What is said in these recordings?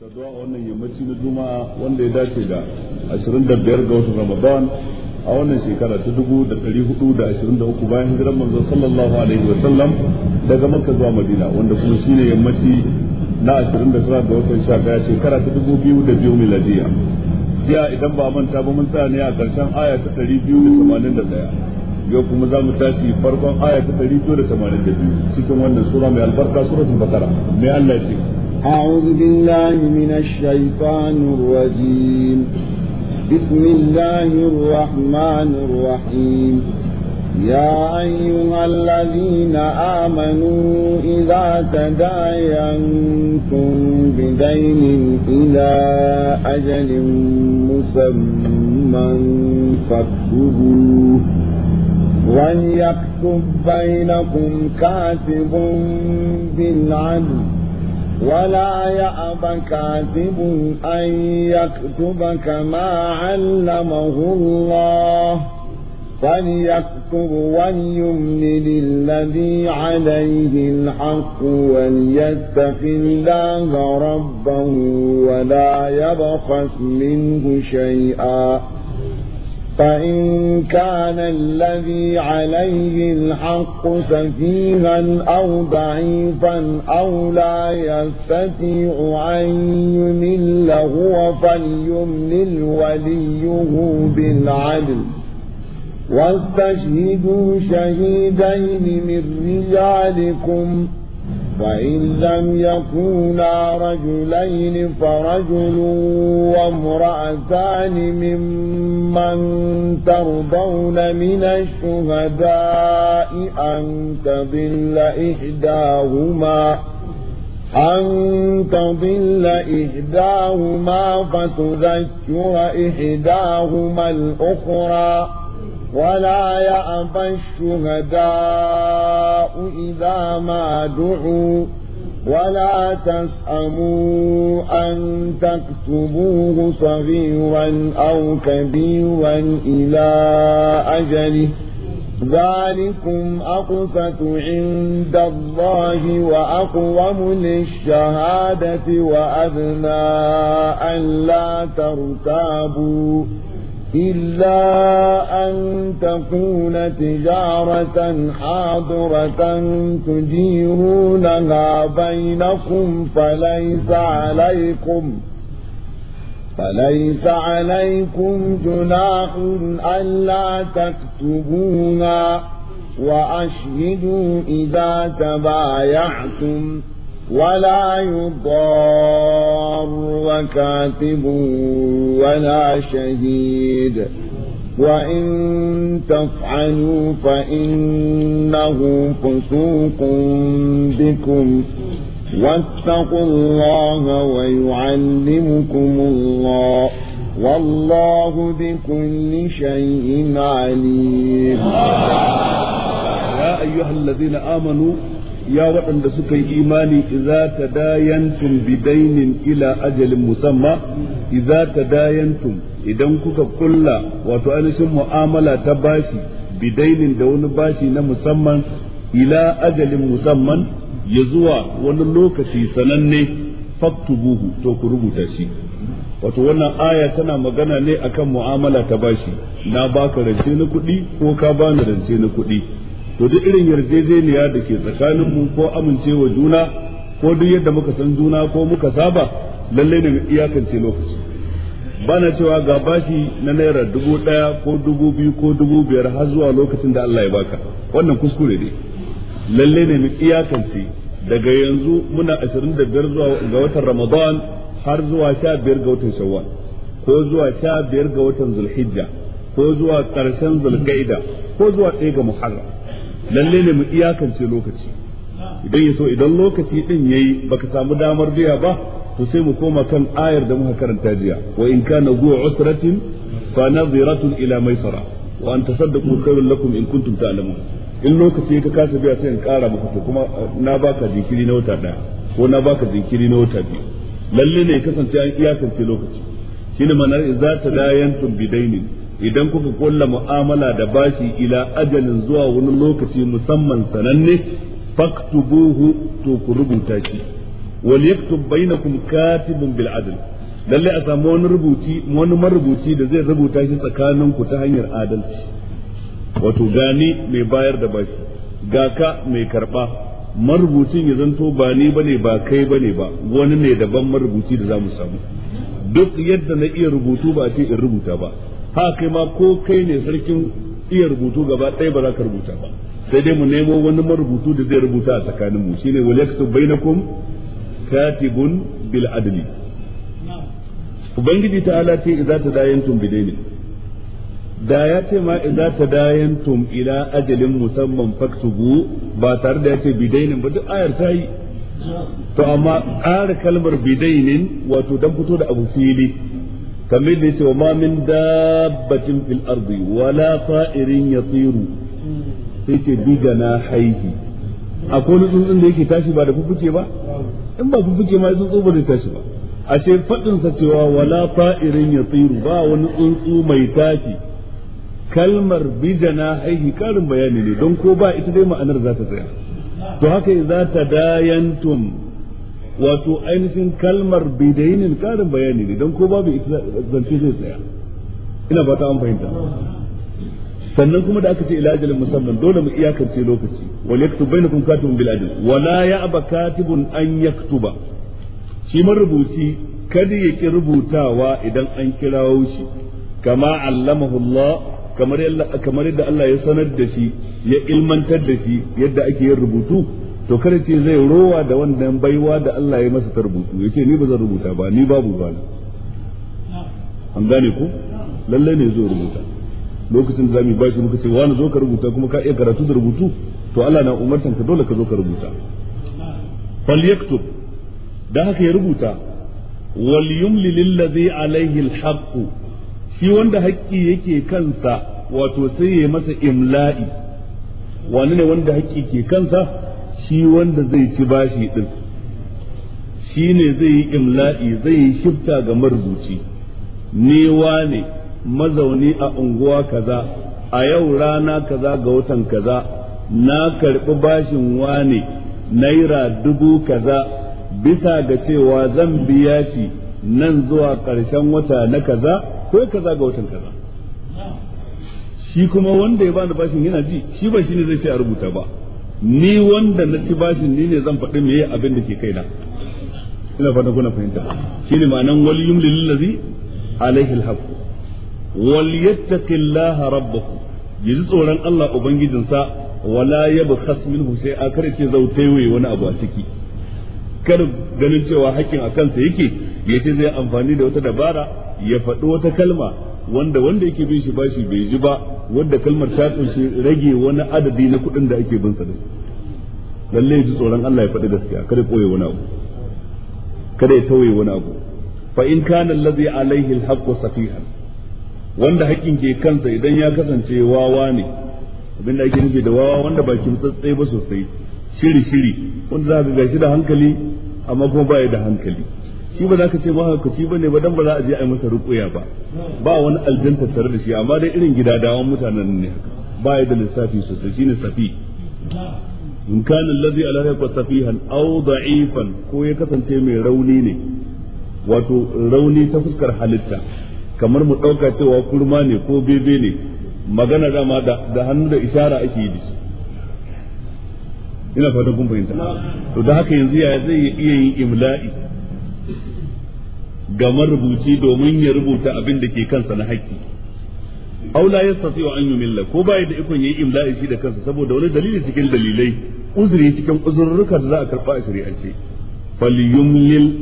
saduwa a wannan yammaci na juma'a wanda ya dace da 25 ga watan ramadan a wannan shekara ta 1423 bayan hijiran manzo sallallahu alaihi wa sallam daga makka zuwa madina wanda kuma shine yammaci na 29 ga watan daya shekara ta 2002 miladiya jiya idan ba manta ba mun tsaya ne a karshen aya ta 281 yau kuma za mu tashi farkon aya ta 282 cikin wannan sura mai albarka suratul bakara mai Allah ce أعوذ بالله من الشيطان الرجيم بسم الله الرحمن الرحيم يا أيها الذين آمنوا إذا تداينتم بدين إلى أجل مسمى فاكتبوه وليكتب بينكم كاتب بالعدل ولا يأبى كاتب أن يكتب كما علمه الله فليكتب وليملل الذي عليه الحق وليتق الله ربه ولا يبخس منه شيئا فإن كان الذي عليه الحق سفيها أو ضعيفا أو لا يستطيع أن يمل هو فليملل وليه بالعدل واستشهدوا شهيدين من رجالكم ۖ وإن لم يكونا رجلين فرجل وامرأتان ممن ترضون من الشهداء أن تضل إحداهما أن تضل إحداهما فتذكر إحداهما الأخرى ولا يأبى الشهداء إذا ما دعوا ولا تسأموا أن تكتبوه صغيرا أو كبيرا إلى أجله ذلكم أقسط عند الله وأقوم للشهادة وأدنى أن لا ترتابوا إلا أن تكون تجارة حاضرة تديرونها بينكم فليس عليكم فليس عليكم جناح ألا تكتبوها وأشهدوا إذا تبايعتم ولا يضار كاتب ولا شهيد وإن تفعلوا فإنه فسوق بكم واتقوا الله ويعلمكم الله والله بكل شيء عليم يا أيها الذين آمنوا ya waɗanda suka yi imani idza tadayantum bidainin ila ajalin musamma idza tadayantum idan kuka ƙulla wato ainihin mu'amala ta bashi bidainin da wani bashi na musamman ila ajalin musamman ya zuwa wani lokaci sananne faktubuhu to ku rubuta shi wato wannan aya tana magana ne akan mu'amala ta bashi na baka rance na kuɗi ko ka bani rance na kuɗi to duk irin yarjejeniya da ke tsakanin mu ko amincewa juna ko duk yadda muka san juna ko muka saba lalle ne iyakance lokaci ba na cewa ga bashi na naira dubu ɗaya ko dubu biyu ko dubu biyar har zuwa lokacin da Allah ya baka wannan kuskure ne lalle ne mu iyakance daga yanzu muna 25 zuwa ga watan Ramadan har zuwa 15 ga watan Shawwal ko zuwa 15 ga watan Zulhijja ko zuwa karshen Zulqa'ida ko zuwa 1 ga Muharram lalle ne mu iyakance lokaci idan ya so idan lokaci din yayi baka samu damar biya ba to sai mu koma kan ayar da muka karanta jiya wa in kana zu usratin fa nadhiratun ila maisara wa an tasaddaqu khairul lakum in kuntum ta'lamun in lokaci ka kasa biya sai in kara maka to kuma uh, na baka jinkiri na wata daya ko na baka jinkiri na wata biyu lalle ne kasance an iyakance lokaci shine ma'anar idza tadayantum bidainin idan kuka kulla mu'amala da bashi ila ajalin zuwa wani lokaci musamman sananne faktubuhu to ku rubuta shi wal yaktub bainakum katibun bil adl lalle a samu wani rubuci wani marubuci da zai rubuta shi tsakanin ku ta hanyar adalci wato gani mai bayar da bashi ga mai karba marubucin ya zanto ba ni bane ba kai bane ba wani ne daban marubuci da zamu samu duk yadda na iya rubutu ba ce in rubuta ba ha kai ma ko kai ne sarkin iya rubutu gaba ɗaya ba za ka rubuta ba sai dai mu nemo wani marubutu da zai rubuta a tsakanin mu shine wal yaktub bainakum katibun bil adli ubangiji ta ala ce idza tadayantum bidaini da ya ce ma idza tadayantum ila ajalin musamman faktubu ba tare da ya ce bidainin ba duk ayar ta yi to amma ƙara kalmar bidainin wato dan fito da abu fili kamar da yace wa ma min dabbatin fil ardi wala ta'irin yatiru sai ce bi haihi akwai wani tsuntsun da yake tashi ba da fufuke ba in ba fufuke ma tsuntsu ba zai tashi ba A ashe fadin sa cewa wala ta'irin yatiru ba wani tsuntsu mai tashi kalmar bi haihi karin bayani ne don ko ba ita dai ma'anar za ta tsaya to haka za ta dayantum wato ainihin kalmar bidainin karin bayani ne don ko babu ita zance zai tsaya ina ba ta an fahimta sannan kuma da aka ce ila musamman dole mu iyakance lokaci wal yaktub bainakum katibun bil ajal wala ya'ba katibun an yaktuba shi marubuci kada ya ki rubutawa idan an kirawo shi kama allamahu Allah kamar yadda Allah ya sanar da shi ya ilmantar da shi yadda ake yin rubutu to kada ce zai rowa da wannan baiwa da Allah ya masa ta rubutu ce ni ba zan rubuta ba ni babu ba an gane ku lalle ne zo rubuta lokacin da zamu bashi muka ce wani zo ka rubuta kuma ka iya karatu da rubutu to Allah na umartan ka dole ka zo ka rubuta fal yaktub dan haka ya rubuta wal yumli lillazi alaihi alhaq shi wanda haƙƙi yake kansa wato sai ya masa imla'i wani ne wanda haƙƙi ke kansa shi wanda zai ci bashi din shi ne zai yi imla'i zai yi shifta ga marubuci ne wane mazauni a unguwa kaza a yau rana kaza ga watan kaza na karɓi bashin wane naira dubu kaza bisa ga cewa zan biya shi nan zuwa ƙarshen wata na kaza ko kaza ga watan kaza shi kuma wanda ya bani bashin yana ji shi ba shi ne zai ce a rubuta ba ni wanda na ci bashin ni ne zan faɗi meye abin da ke kai na? ina fata kuna fahimta Shi ne ma'anan wal lillazi alaihi alhaq wal Allah rabbahu yaji tsoron Allah ubangijinsa wala yabkhas minhu shay'a kar ce zautaiwaye wani abu a ciki kar ganin cewa hakkin a kansa yake yace zai amfani da wata dabara ya faɗi wata kalma wanda wanda yake bin shi bashi bai ji ba wanda kalmar ta kunshi rage wani adadi na kuɗin da ake bin sa da lalle ji tsoron Allah ya faɗi gaskiya kada koye wani abu kada ya tauye wani abu fa in kana allazi alaihi alhaq safihan wanda haƙƙin ke kansa idan ya kasance wawa ne abin da ake nufi da wawa wanda bakin tsatsai ba sosai shiri shiri wanda za ka gashi da hankali amma kuma baya da hankali shi ba za ka ce mahaukaci ba ne ba don ba za a je a yi masa rukuya ba ba wani aljanta tare da shi amma dai irin gida dawon mutanen ne ba ya da lissafi sosai shine safi in kana ala yakwa safihan au da'ifan ko ya kasance mai rauni ne wato rauni ta fuskar halitta kamar mu dauka cewa kurma ne ko bebe ne magana dama da da hannu da ishara ake yi dashi ina fatan kun fahimta to da haka yanzu ya zai iya yin imla'i ga marubuci domin ya rubuta abin da ke kansa na haƙƙi ya la wa an yumilla ko baya da ikon yayi imla'i shi da kansa saboda wani dalili cikin dalilai uzuri cikin uzurruka da za a karba a shari'ance falyumlil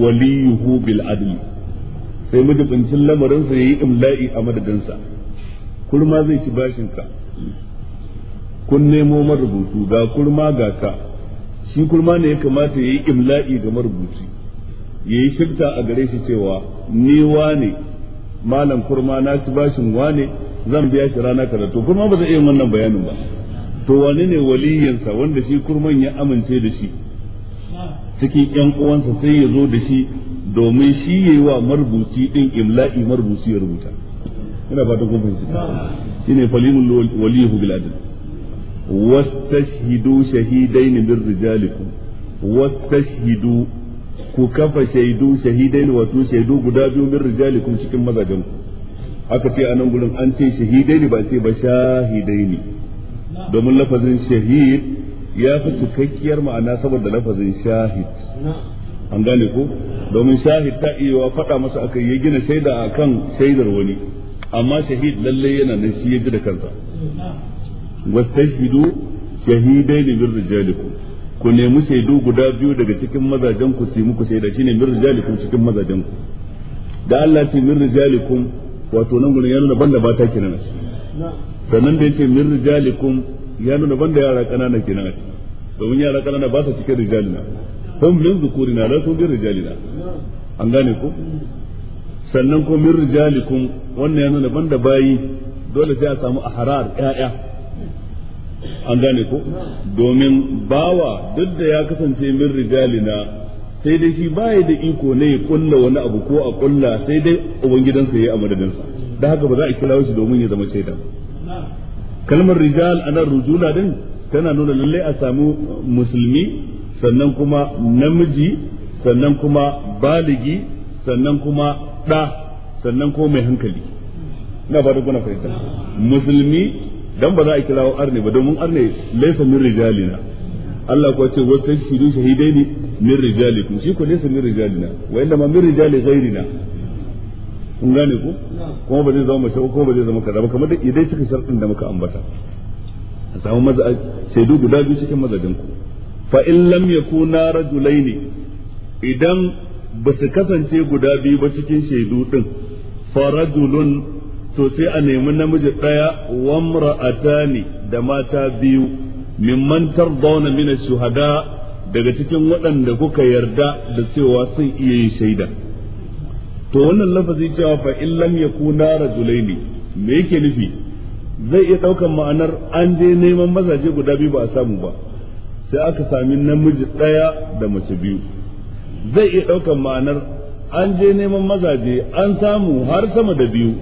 waliyuhu bil adl sai majibincin lamarin ya yayi imla'i a madadin sa kurma zai ci bashin ka kun nemo marubutu ga kurma ga ka shi kurma ne ya kamata yayi imla'i ga marubuci ya yi shirta a gare shi cewa ni wane malam kurma na ci bashin wane zan biya shi rana kaza to kurma ba zai iya wannan bayanin ba to wani ne waliyinsa wanda shi kurman ya amince da shi cikin yan uwansa sai ya zo da shi domin shi yi wa marubuci din imla'i marubuci ya rubuta ina fata kun fahimci shine falimul walihu bil adl wastashhidu shahidain min rijalikum wastashhidu ku kafa shaidu shahidain wato shaidu guda biyu min rijalikum cikin mazajen ku aka ce a nan gurin an ce shahidaini ba ce ba ne. domin lafazin shahid ya fi cikakkiyar ma'ana saboda lafazin shahid an gane ko domin shahid ta iya wa faɗa masa aka yi gina shaida a kan shaidar wani amma shahid lalle yana nan shi ya ji da kansa wastashhidu shahidaini min rijalikum ku nemi shaidu guda biyu daga cikin mazajen ku su muku shaida shine min rijalikum cikin mazajen ku da Allah ce min rijalikum wato nan gurin ya nuna banda mata kenan sannan da yace min rijalikum ya nuna banda yara kanana kenan domin yara kanana ba su cikin rijalina hum min zukurina la sun bi rijalina an gane ku sannan ko min rijalikum wannan ya nuna banda bayi dole sai a samu ahrar ƴaƴa an gane ko domin bawa duk da ya kasance min rijalina sai dai shi baya da iko ne ya kulla wani abu ko a kulla sai dai ubangidansa ya yi a madadinsa da haka ba za a kira shi domin ya zama shaida kalmar rijal a nan rujula din tana nuna lalle a samu musulmi sannan kuma namiji sannan kuma baligi sannan kuma ɗa sannan kuma mai hankali ina ba da kuna fahimta musulmi dan ba za a wa arne ba don mun arne laysa min rijalina Allah kuwa ce wa tashhidu shahidaini min rijalikum shi ko laysa min rijalina wa inda ma min rijali ghairina kun gane ku kuma ba zai zama mace kuma ba zai zama kaza ba kamar da idai cikin sharɗin da muka ambata a samu maza shaidu guda biyu cikin mazajin ku fa in lam yakuna rajulaini idan ba su kasance guda biyu ba cikin shaidu din fa rajulun to sai a nemi namiji ɗaya ne da mata biyu mimman tardawna min shuhada daga cikin waɗanda kuka yarda da cewa sun iya yi shaida to wannan lafazi cewa fa in lam yakuna rajulaini me yake nufi zai iya ɗaukan ma'anar an je neman mazaje guda biyu ba a samu ba sai aka sami namiji ɗaya da mace biyu zai iya ɗaukan ma'anar an je neman mazaje an samu har sama da biyu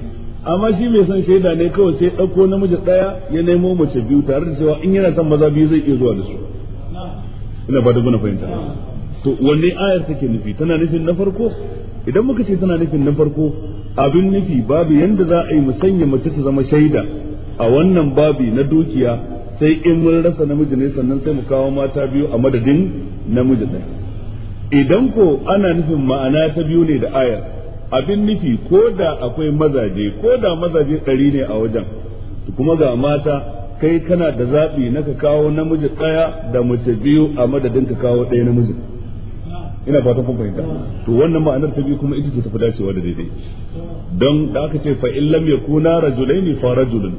amma shi mai son shaida ne kawai sai ɗauko namiji ɗaya ya nemo mace biyu tare da cewa in yana son maza biyu zai iya zuwa da su ina ba da guna fahimta to wanne ayar take nufi tana nufin na farko idan muka ce tana nufin na farko abin nufi babu yanda za a yi mu sanya mace ta zama shaida a wannan babi na dukiya sai in mun rasa namiji ne sannan sai mu kawo mata biyu a madadin namiji ɗaya idan ko ana nufin ma'ana ta biyu ne da ayar abin nufi ko da akwai mazaje ko da mazaje ɗari ne a wajen kuma ga mata kai kana da zaɓi na ka kawo namiji ɗaya da mace biyu a madadin ka kawo ɗaya namiji ina fatan kun fahimta to wannan ma'anar ta biyu kuma ita ce tafi dacewa da daidai don da aka ce fa in lam yakuna rajulaini fa rajulun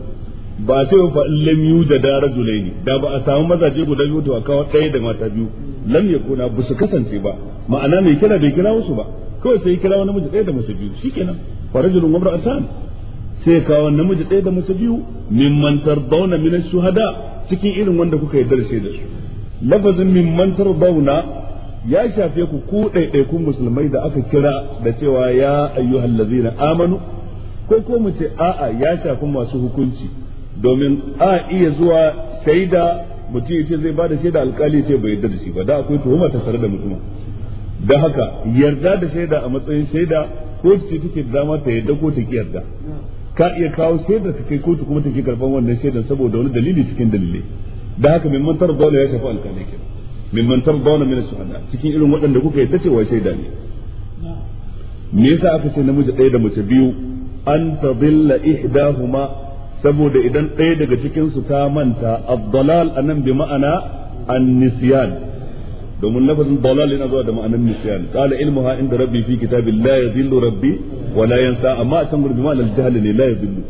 ba ce fa in lam yujada rajulaini da ba a samu mazaje guda biyu to a kawo ɗaya da mata biyu lam yakuna ba su kasance ba ma'ana mai kira bai kira wasu ba kawai sai kira wani namiji ɗaya da masa biyu shikenan farajulun wamra'atan sai kawo namiji ɗaya da masa biyu mimman tardawna min shuhada cikin irin wanda kuka yi darse da su lafazin mimman Bauna ya shafe ku ku ɗaiɗaikun musulmai da aka kira da cewa ya ayyuhal ladzina amanu ko ko mu ce a'a ya shafi masu hukunci domin a iya zuwa shaida mutum ya ce zai ba da shaida alkali ce bai yarda da shi ba da akwai tuhuma ta tare da mutum Da haka yarda da shaida a matsayin shaida ko ce take da dama ta yarda ko ta ki yarda ka iya kawo shaida ka kai kotu kuma take karban wannan shaida saboda wani dalili cikin dalilai da haka min mantar dole ya shafi alƙalai kenan min mantar dole min shuhada cikin irin waɗanda kuka yarda cewa shaida ne me yasa aka ce namiji ɗaya da mace biyu an tadilla ihdahuma saboda idan ɗaya daga cikin su ta manta ad-dalal anan bi ma'ana an-nisyan domin lafazin dalal na zuwa da ma'anar nisyan qala ilmuha inda rabbi fi kitabin la yadhillu rabbi wa la yansa amma a can gurbin ma'anar jahl ne la yadhillu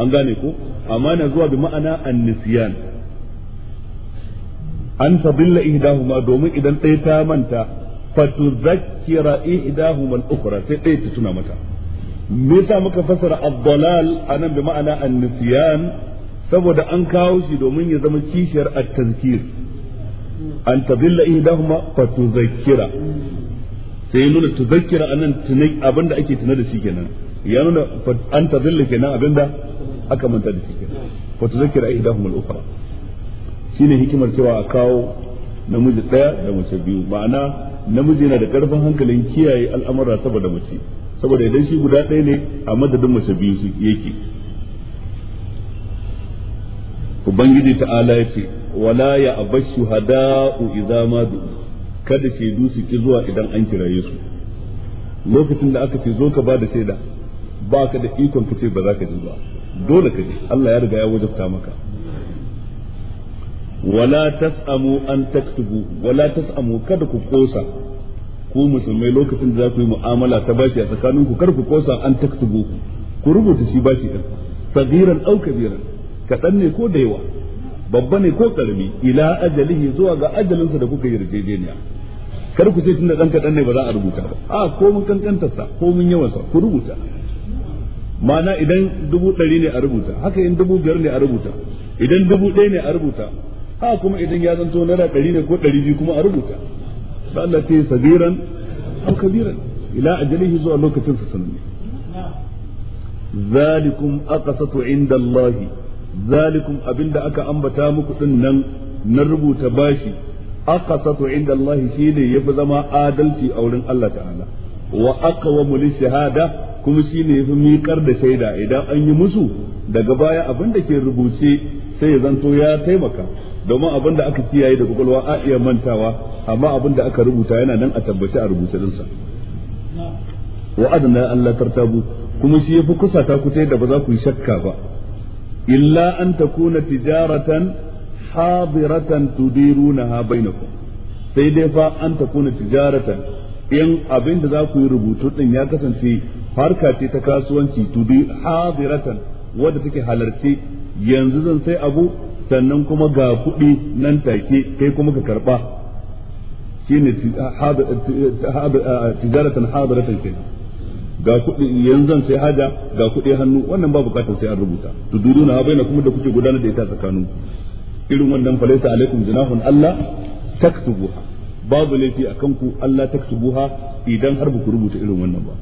an gane ko amma na zuwa bi ma'ana an-nisyan an tadilla ihdahuma domin idan ɗaya ta manta fatuzakkira ihdahuma al-ukhra sai ɗaya ta tuna mata me yasa muka fassara ad-dalal anan bi ma'ana an-nisyan saboda an kawo shi domin ya zama kishiyar at-tazkir an da ihdahuma fa tuzakkira sai nuna tuzakkira anan tunai abinda ake tuna da shi kenan ya nuna an tadilla kenan abinda aka manta da shi kenan fa tuzakkira ihdahuma al-ukhra shine hikimar cewa a kawo namiji daya da mace biyu ma'ana namiji yana da karfin hankalin kiyaye al'amura saboda mace saboda idan shi guda ɗaya ne a madadin mace biyu yake ubangiji ta'ala ya ce wala ya abashu hada idza ma du kada shaidu su ki zuwa idan an kiraye su lokacin da aka ce zo ka ba da shaida ba ka da ikon ka ce ba za ka ji ba dole ka ji Allah ya riga ya wajabta maka wala tasamu an taktubu wala tasamu kada ku kosa ku musulmai lokacin da za ku yi mu'amala ta bashi a tsakanin ku kar ku kosa an taktubu ku rubuta shi bashi din sagiran au kabiran kadan ne ko da yawa babba ne ko karami ila ajalihi zuwa ga ajalinsa da kuka yarjejeniya kar ku ce tunda dan kadan ne ba za a rubuta ba a ko mun kankanta sa ko mun yawansa ku rubuta ma'ana idan dubu ɗari ne a rubuta haka in dubu biyar ne a rubuta idan dubu ɗaya ne a rubuta ha kuma idan ya zanto naira ɗari ne ko ɗari biyu kuma a rubuta da Allah ce sabiran aw kabiran ila ajalihi zuwa lokacin sa sananne zalikum aqsatu inda Allah zalikum abinda aka ambata muku din nan na rubuta bashi aqsatu inda Allah shine yafi zama adalci a wurin Allah ta'ala wa aqwamu shahada kuma shine yafi miƙar da shaida idan an yi musu daga baya abin da ke rubuce sai ya zanto ya taimaka domin abin da aka kiyaye da kwakwalwa a iya mantawa amma abin da aka rubuta yana nan a tabbaci a rubuce dinsa wa adna Allah tartabu kuma shi yafi kusa ku ta da ba za ku yi shakka ba illa an takuna tijaratan hadiratan tudirunaha bainakum sai dai fa an takuna tijaratan in abin da za ku yi rubutu din ya kasance harka ce ta kasuwanci tudi hadiratan wadda take halarci yanzu zan sai abu sannan kuma ga kuɗi nan take kai kuma ka karba shine tijaratan hadiratan kenan ga kuɗi yanzu sai haja ga kuɗi hannu wannan ba bukatar sai an rubuta to duduna baina kuma da kuke gudanar da ita tsakanin irin wannan falaisa alaikum junahun Allah taktubuha babu laifi akan ku Allah taktubuha idan har ku rubuta irin wannan ba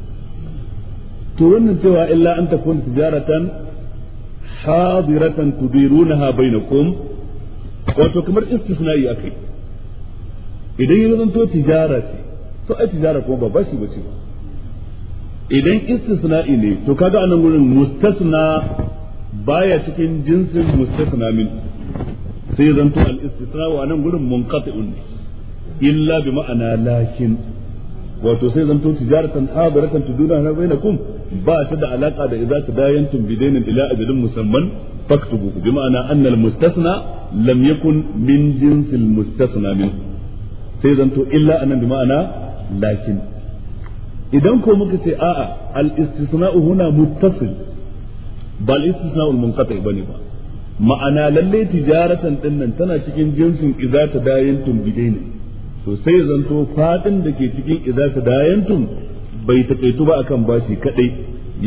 to wannan cewa illa an takun tijaratan hadiratan tudirunaha bainakum wato kamar istisna'i akai idan yanzu to tijara ce to ai tijara kuma ba bashi bace ba idan istisna'i ne to kaga anan wurin mustasna baya cikin jinsin mustasna min sai ya zanto al istisna wa anan gurin munqati'un illa bi ma'ana lakin wato sai zanto tijaratan hadiratan tuduna na bainakum ba ta da alaka da idza tadayantum bidainin ila ajalin musamman faktubu bi ma'ana anna al mustasna lam yakun min jinsil mustasna min sai zanto illa anan bi ma'ana lakin idan ko muka ce a'a al-istisna'u huna muttasil ba al-istisna'u munqati bane ba ma'ana lalle tijaratan nan tana cikin jinsin idza dayantum bidaini to sai zanto fadin da ke cikin idza dayantum bai takaitu ba akan bashi kadai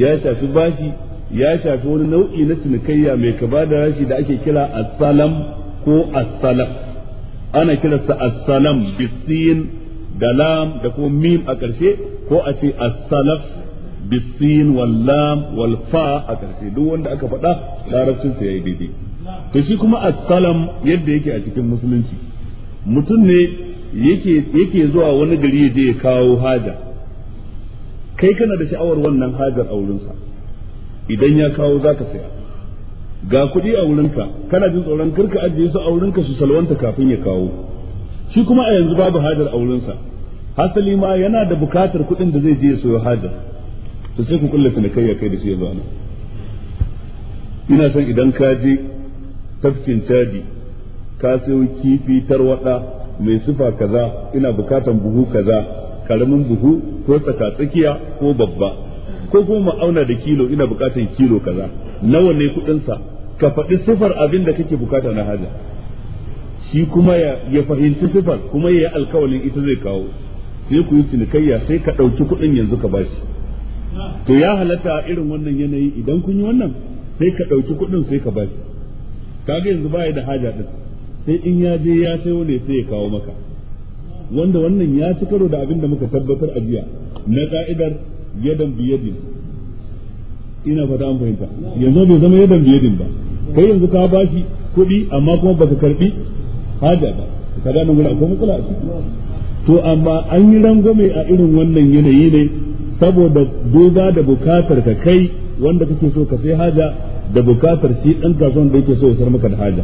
ya shafi bashi ya shafi wani nau'i na cinikayya mai kaba da rashi da ake kira as-salam ko as salam ana kiransa as-salam bisin da lam da ko mim a ƙarshe ko a ce as-salaf bisin wal lam wal fa a ƙarshe duk wanda aka faɗa larabcin sa yayi daidai to shi kuma as-salam yadda yake a cikin musulunci mutum ne yake yake zuwa wani gari ya je ya kawo haja kai kana da sha'awar wannan hajar a wurinsa idan ya kawo zaka saya ga kuɗi a wurinka kana jin tsoron karka ajiye su a wurinka su salwanta kafin ya kawo shi kuma a yanzu babu hajar aurensa hasali ma yana da bukatar kuɗin da zai je ya soyo hajar to sai ku kulle cinikayya kai da shi ya zama. ina son idan ka je tafkin tadi ka sayo kifi tarwada mai sifa kaza ina bukatan buhu kaza karamin buhu ko tsaka-tsakiya ko babba ko kuma ma'auna da kilo ina bukatan kilo kaza nawa ne kuɗinsa ka faɗi sifar abin da kake bukata na haja shi kuma ya fahimci sifar kuma ya yi alkawalin ita zai kawo sai ku yi cinikayya sai ka ɗauki kuɗin yanzu ka bashi to ya halatta a irin wannan yanayi idan kun yi wannan sai ka ɗauki kuɗin sai ka bashi kaga yanzu ba da haja ɗin sai in ya je ya sayo ne sai ya kawo maka wanda wannan ya ci karo da abin da muka tabbatar a jiya na ka'idar yadan biyadin ina fata an fahimta yanzu bai zama yadan biyadin ba kai yanzu ka bashi kuɗi amma kuma baka karbi haja ba ka kaga nan akwai matsala a ciki to amma an yi rangwame a irin wannan yanayi ne saboda doza da bukatar ka kai wanda kake so ka sai haja da bukatar shi dan kasuwan da yake so ya sar maka da haja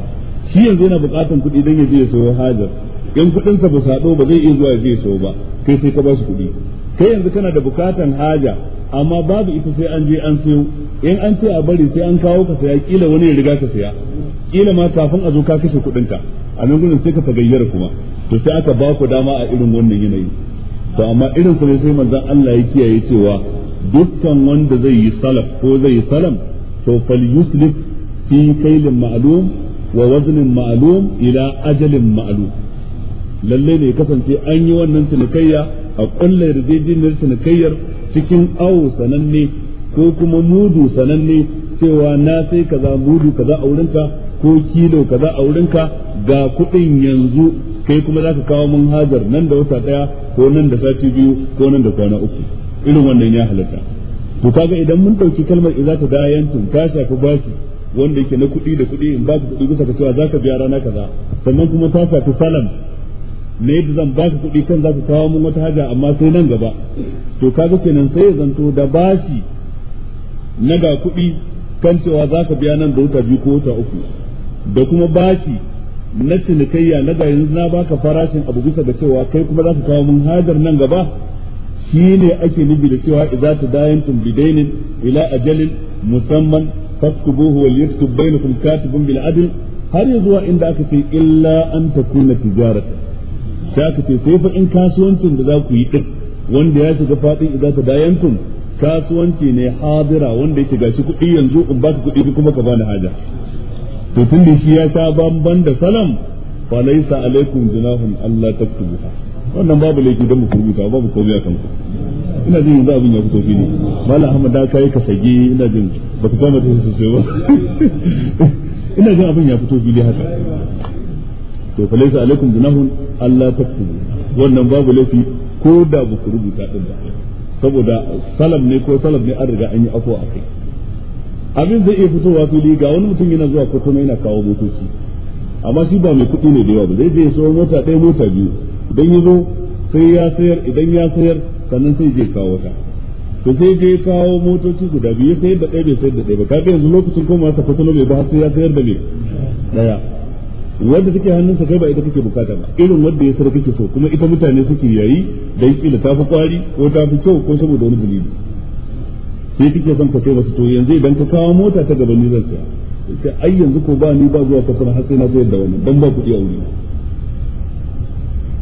shi yanzu yana bukatar kuɗi dan ya je ya sayo haja. in kuɗin sa ba sado ba zai iya zuwa ya je ya sayo ba kai sai ka ba shi kuɗi kai yanzu kana da bukatan haja amma babu ita sai an je an sayo in an ce a bari sai an kawo ka saya kila wani ya riga ka saya kila ma kafin a zo ka kashe kuɗinka Amin nan gudun sai ka fagayyar kuma to sai aka ba ku dama a irin wannan yanayi to amma irin su ne sai manzon Allah ya kiyaye cewa dukkan wanda zai yi salaf ko zai yi salam to fal yuslif fi kailin ma'alum, wa waznin ma'lum ila ajalin ma'alum. lalle ne kasance an yi wannan cinikayya a kullar yarjejeniyar cinikayyar cikin awo sananne ko kuma mudu sananne cewa na sai kaza mudu kaza a wurinka ko kilo kaza a wurinka ga kuɗin yanzu kai kuma za ka kawo mun hajar nan da wata ɗaya ko nan da sati biyu ko nan da kwana uku irin wannan ya halatta to kaga idan mun ɗauki kalmar idza ta dayantum ta shafi bashi wanda yake na kuɗi da kuɗi in ba ka kuɗi kusa ka cewa zaka biya rana kaza sannan kuma ta shafi salam na yadda zan ba baka kuɗi kan za ka kawo mun wata haja amma sai nan gaba to kaga kenan sai ya zanto da bashi na ga kuɗi kan cewa zaka biya nan da wata biyu ko wata uku da kuma bashi na cinikayya na ga yanzu na baka farashin abu bisa ga cewa kai kuma za ka kawo mun hajar nan gaba shi ne ake nufi da cewa idza tun bidainin ila ajalin musamman faktubuhu wal yaktub bainakum katibun bil adl har ya zuwa inda aka ce illa an takuna tijarata sai aka ce sai fa in kasuwancin da za ku yi din wanda ya shiga fadin idza tun kasuwanci ne hadira wanda yake gashi kuɗi yanzu in ba baka kuɗi kuma ka bani haja to tun da shi ya sha bamban da salam fa laysa alaikum junahun Allah taktubuha wannan babu laifi dan mu ta babu komai a kanku ina jin yanzu abin ya fito fili mala ahmad da kai ka sage ina jin ba baka kama ta su ba ina jin abin ya fito fili haka to fa laysa alaikum junahun Allah taktubu wannan babu laifi ko da ba ku rubuta din ba saboda salam ne ko salam ne an riga an yi afwa a kai abin zai iya fitowa fili ga wani mutum yana zuwa kotono yana kawo motoci amma shi ba mai kuɗi ne da yawa ba zai je sayo mota ɗaya mota biyu idan ya zo sai ya sayar idan ya sayar sannan sai je kawo ta to sai je kawo motoci guda biyu sai da ɗaya bai sayar da ɗaya ba kaga yanzu lokacin koma sa kotono bai ba sai ya sayar da me ɗaya wanda take hannunsa kai ba ita take bukata ba irin wanda ya sarka kake so kuma ita mutane suke yayi dan kila ta fi kwari ko ta fi kyau ko saboda wani dalili sai kike son ka sai wasu to yanzu idan ka kawo mota ta gaba ni zan saya sai ai yanzu ko ba ni ba zuwa kasar har sai na zo da wani dan ba ku iya wuri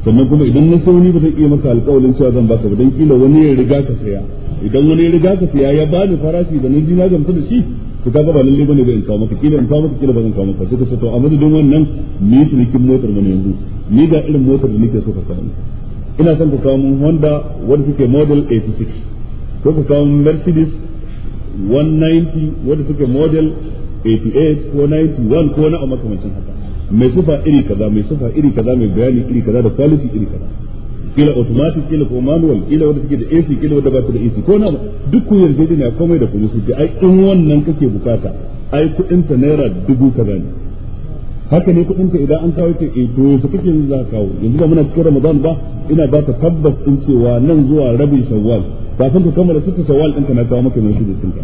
sannan kuma idan na sauni ba zan iya maka alƙawarin cewa zan baka ba dan kila wani ya riga ka saya idan wani ya riga ka saya ya bani farashi da ni ji na gamsu da shi to kaga ba lalle bane ba in kawo maka kila in kawo maka kila ba zan kawo maka sai ka ce to amma madadin wannan ni cinikin motar ne yanzu ni ga irin motar da nake so ka kawo ina son ka kawo mun Honda wanda suke model 86 ko ka kawo Mercedes 190 wanda suke model 88 ko 91 ko wani a makamancin haka mai sufa iri kaza mai sufa iri kaza mai bayani iri kaza da quality iri kaza kila automatic kila ko manual kila wanda suke da AC kila wanda ba su da AC ko na duk ku a komai da kuma su ce ai in wannan kake bukata ai kudin ta naira dubu kaza ne haka ne kudin ta idan an kawo ce eh to yanzu kake yanzu za kawo yanzu ba muna cikin ramadan ba ina ba ka tabbas in cewa nan zuwa rabin shawwal kafin ka kammala sita shawwal ɗinka na kawo maka mai shi ka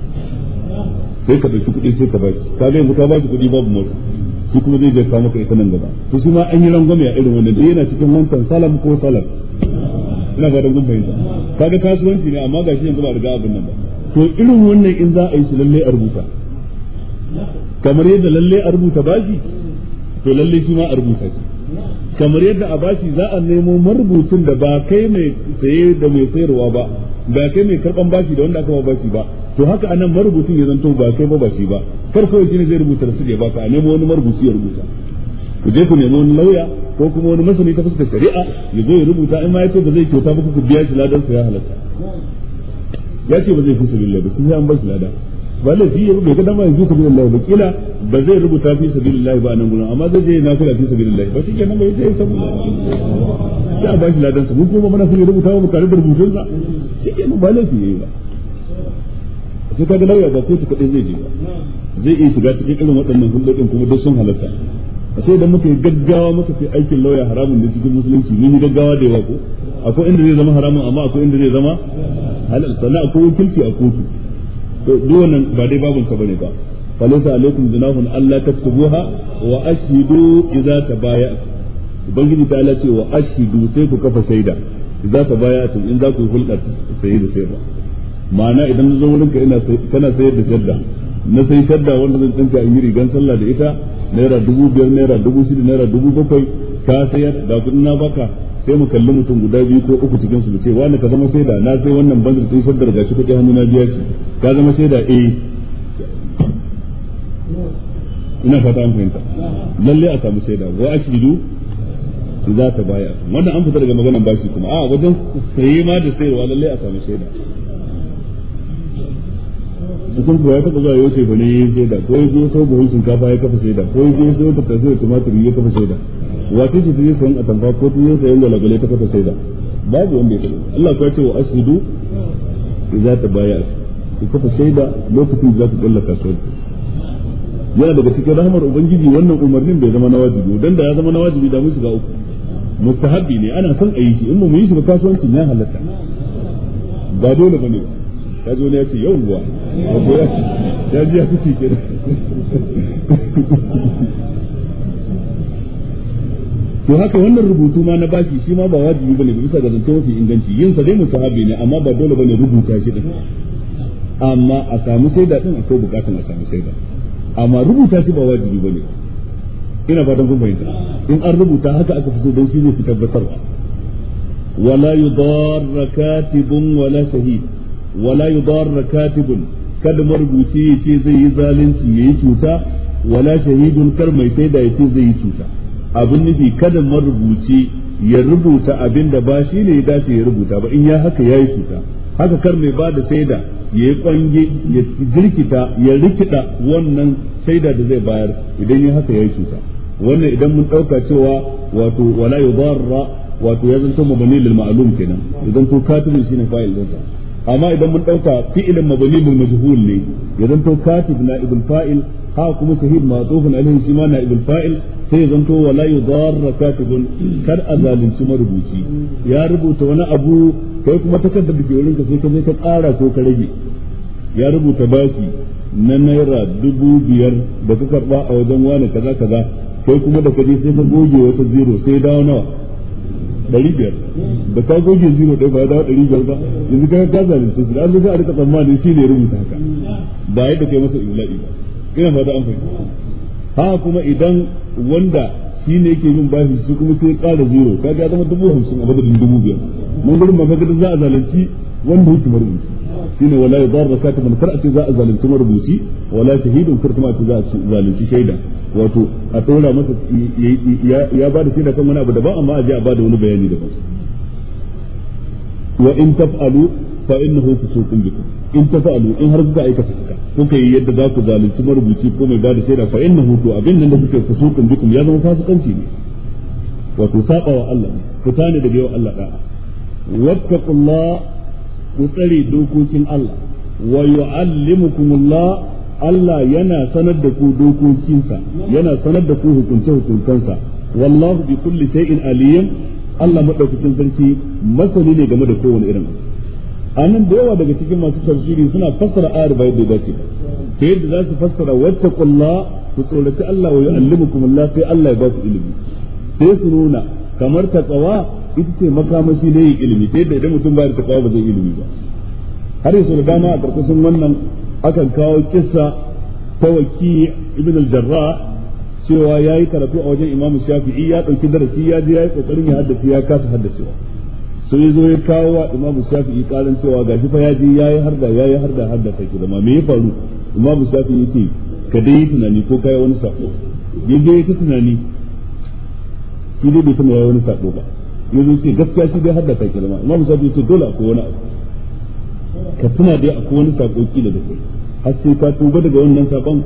sai ka dauki kuɗi sai ka ba shi ka ga yanzu ka ba shi kuɗi babu motsa shi kuma zai je kawo maka ita nan gaba to shi ma an yi rangwame a irin wannan da yana cikin wancan salam ko salam ina ba da mun bayyana kaga kasuwanci ne amma gashi yanzu ba riga abin nan ba to irin wannan in za a yi shi lalle a rubuta kamar yadda lalle a rubuta bashi to lalle shi ma a rubuta shi kamar yadda a bashi za a nemo marubucin da ba kai mai saye da mai sayarwa ba ba kai mai karban bashi da wanda aka ba bashi ba to haka anan marubucin ya zanto ba kai ba bashi ba kar kawai shine zai rubuta su ya baka a nemo wani marubuci ya rubuta ku je ku nemi wani lauya ko kuma wani masani ta fuskar shari'a ya zo ya rubuta in ma ya ce ba zai kyauta ba ku biya shi ladan sa ya halatta ya ce ba zai fusa lillahi ba sai an bashi shi ladan ba laifi ya bai ga dama yanzu sabilillah ba kila ba zai rubuta fi sabilillah ba nan amma zai je na fi ba je a bashi ladan kuma ya rubuta da rubutun sa ba laifi ba sai lauya ba zai je ba zai iya shiga cikin irin waɗannan hulɗoɗin kuma duk sun halatta sai muka yi gaggawa muka ce aikin lauya haramun ne cikin musulunci mun yi gaggawa da yawa ko akwai inda zai zama haramun amma akwai inda zai zama halal sannan akwai wakilci a kotu duwannan ba dai babun ka bane ba falisa alaikum junahun ta taktubuha wa ashhidu idza tabaya'tum ubangiji ta Allah ce wa ashhidu sai ku kafa shaida idza tabaya'tum in za ku yi hulɗa sai da ba. ma'ana idan zan zo wurin ka ina kana sayar da shadda na sai shadda wanda zan tsinka in yi rigan sallah da ita naira dubu biyar naira dubu shida naira dubu bakwai ka sayar da kuɗin na baka sai mu kalli mutum guda biyu ko uku cikin su ce wani ka zama shaida na sai wannan bandar sai shaddar ga shi kuɗi hannuna biya shi ka zama shaida eh ina fata an fahimta lalle a samu shaida wa ashidu za ta baya wannan an fita daga maganan bashi kuma a wajen saye ma da sayarwa lalle a samu shaida cikin kuwa ya taɓa zuwa yau ce bane ya yi shaida ko ya je ya sau buhun shinkafa ya kafa shaida ko ya je ya sau tattasu da tumatir ya kafa shaida wace ce ta je a atamfa ko tun je sayan labale ta kasa shaida babu wanda ya taɓa Allah ko ya ce wa ashidu za ta baya ku fata shaida lokacin za ku kulla kasuwanci yana daga cikin rahmar ubangiji wannan umarnin bai zama na wajibi dan da ya zama na wajibi da musu shiga uku mustahabbi ne ana son a yi shi in mu yi shi ba kasuwanci ya halatta ba dole bane ba ka zo ne ya ce yau ruwa ya ji ya fi ke to haka wannan rubutu ma na bashi shi ma ba wajibi bane bisa ga zance mafi inganci yin sa dai musahabi ne amma ba dole bane rubuta shi din amma a samu shaida din akwai bukatun a samu shaida amma rubuta shi ba wajibi bane ina fatan kun fahimta in an rubuta haka aka fito don shi ne fi tabbatarwa wala yudarra katibun wala shahid wala yudarra katibun kada marubuci ya ce zai yi zalunci ya yi cuta wala shahidun kar mai shaida ya ce zai yi cuta abin nufi kada marubuci ya rubuta abin da ba shi ne ya dace ya rubuta ba in ya haka ya yi cuta haka kar mai ba da shaida ya yi kwange ya jirkita ya rikida wannan shaida da zai bayar idan ya haka ya yi cuta wannan idan mun ɗauka cewa wato wala yubarra wato ya zanto mabani lil ma'lum kenan idan ko katibin shine fa'il sa amma idan mun ɗauka fi'ilin mabni bil majhul ne ya zanto katib na ibn fa'il ha kuma sahib ma'tufun alaihi shi na ibn fa'il sai ya zanto wa wala yudarra katibun kar a zalunci marubuci ya rubuta wani abu kai kuma takardar da ke wurin ka sai ka ka tsara ko ka rage ya rubuta bashi na naira dubu biyar da ka karba a wajen wani kaza kaza kai kuma da kaje sai ka goge wata zero sai dawo nawa ɗari biyar da ka goge zero ɗaya ba ya dawo ɗari biyar ba yanzu ka ka zalunce su da an zai a rika tsammanin shi ne rubuta haka ba yadda kai masa ibla'i ba ina da an fahimta ha kuma idan wanda shi ne yake yin bashi su kuma sai ƙara zero kaga ya zama dubu hamsin a madadin dubu biyar mun gudun ba kaga za a zalunci wanda hukumar rubuci shine wala yadar katibun kar a ce za a zalunci marubuci wala shahidun kar kuma a ce za a zalunci shaida wato a dora masa ya ba da shaida kan wani abu daban amma a je a ba da wani bayani daban wa in taf'alu fa innahu fusuqun bikum in taf'alu in har kuka aikata haka kuka yi yadda za ku zalunci marubuci ko mai da shaida fa innahu to abin nan da kuke fusuqun bikum ya zama fasikanci ne wato saba wa Allah fita ne daga yau Allah da'a wattaqullah ku tsare dokokin Allah wa yu'allimukumullah Allah yana sanar da ku dokokinsa yana sanar da ku hukunce hukuncensa wallahu bi kulli shay'in alim Allah madaukakin sarki masani ne game da kowane irin anan da yawa daga cikin masu tafsiri suna fassara ayar bai da dace ta yadda za su fassara wattaqullah ku tsoraci Allah wa yu'allimukumullah sai Allah ya ba ku ilimi sai su nuna kamar takawa ita ce makamashi ne yin ilimi sai da idan mutum ba da takawa ba zai ilimi ba har yanzu da dama a karkashin wannan akan kawo kissa ta waki ibn al-jarra cewa yayi karatu a wajen imamu shafi'i ya ɗauki darasi ya je yayi kokarin ya haddace ya kasa haddacewa sai zo ya kawo wa imamu shafi'i karin cewa gashi fa ya je har da yayi harda harda kai zama me ya faru imamu shafi'i ce ka dai tunani ko kai wani sako ya dai ta tunani shi dai bai tana wani sako ba yanzu ce gaskiya shi dai haddasa kalma imam shafi ce dole akwai wani abu ka tuna dai akwai wani sako kila da kai har sai ka tuba daga wannan sakon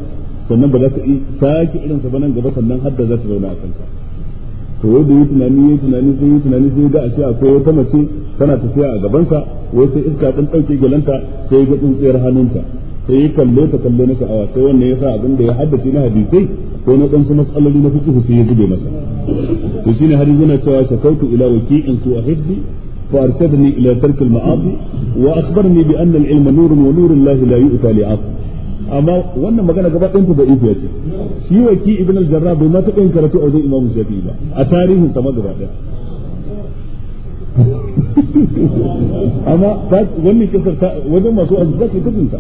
sannan ba za ka sake irin sa ba nan gaba sannan hadda za ta zauna a kanka to wanda yi tunani yi tunani sai yi tunani sai ga ashe akwai wata mace tana tafiya a gabansa wai sai iska ɗan ɗauke gyalanta sai ga tsintsiyar hannunta sai ya kalle ta kalle na sha'awa sai wannan yasa abin da ya haddace na hadisai ko na ɗansu su masaloli na fiqh sai ya zube masa to shine har yana cewa shakautu ila waki'in su ahibbi fa arsadani ila tark al ma'asi wa akhbarni bi anna al ilma wa nurul lahi la yu'ta li amma wannan magana gaba ɗanta da ifiya ce shi waki ibn al jarrah bai ma ta karatu a wajen imam shafi'i ba a tarihin sama gaba ɗaya amma wannan kisar ta wajen masu azu za ka yi tukunta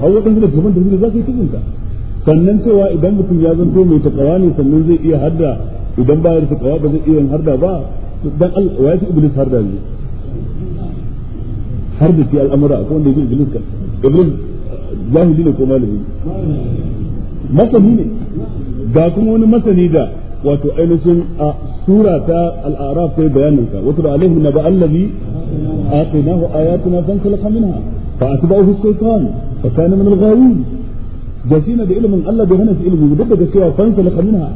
har wajen da zaman da za ka yi kajinta sannan cewa idan mutum ya zanto mai takawa ne sannan zai iya hadda idan bayar takawa ba zai iya harda ba dan wa ya iblis harda ne har da shi al'amura akwai wanda ya iblis kan iblis jahili ne ko malami masani ne ga kuma wani masani da wato ainihin a sura ta al'araf sai bayanin ka wato da alaihim naba allazi atainahu ayatuna fansalakha minha fa atba'ahu shaytan fa kana min al-ghawin jazina bi ilmin Allah bi hanas ilmi ilimi da cewa fansalakha minha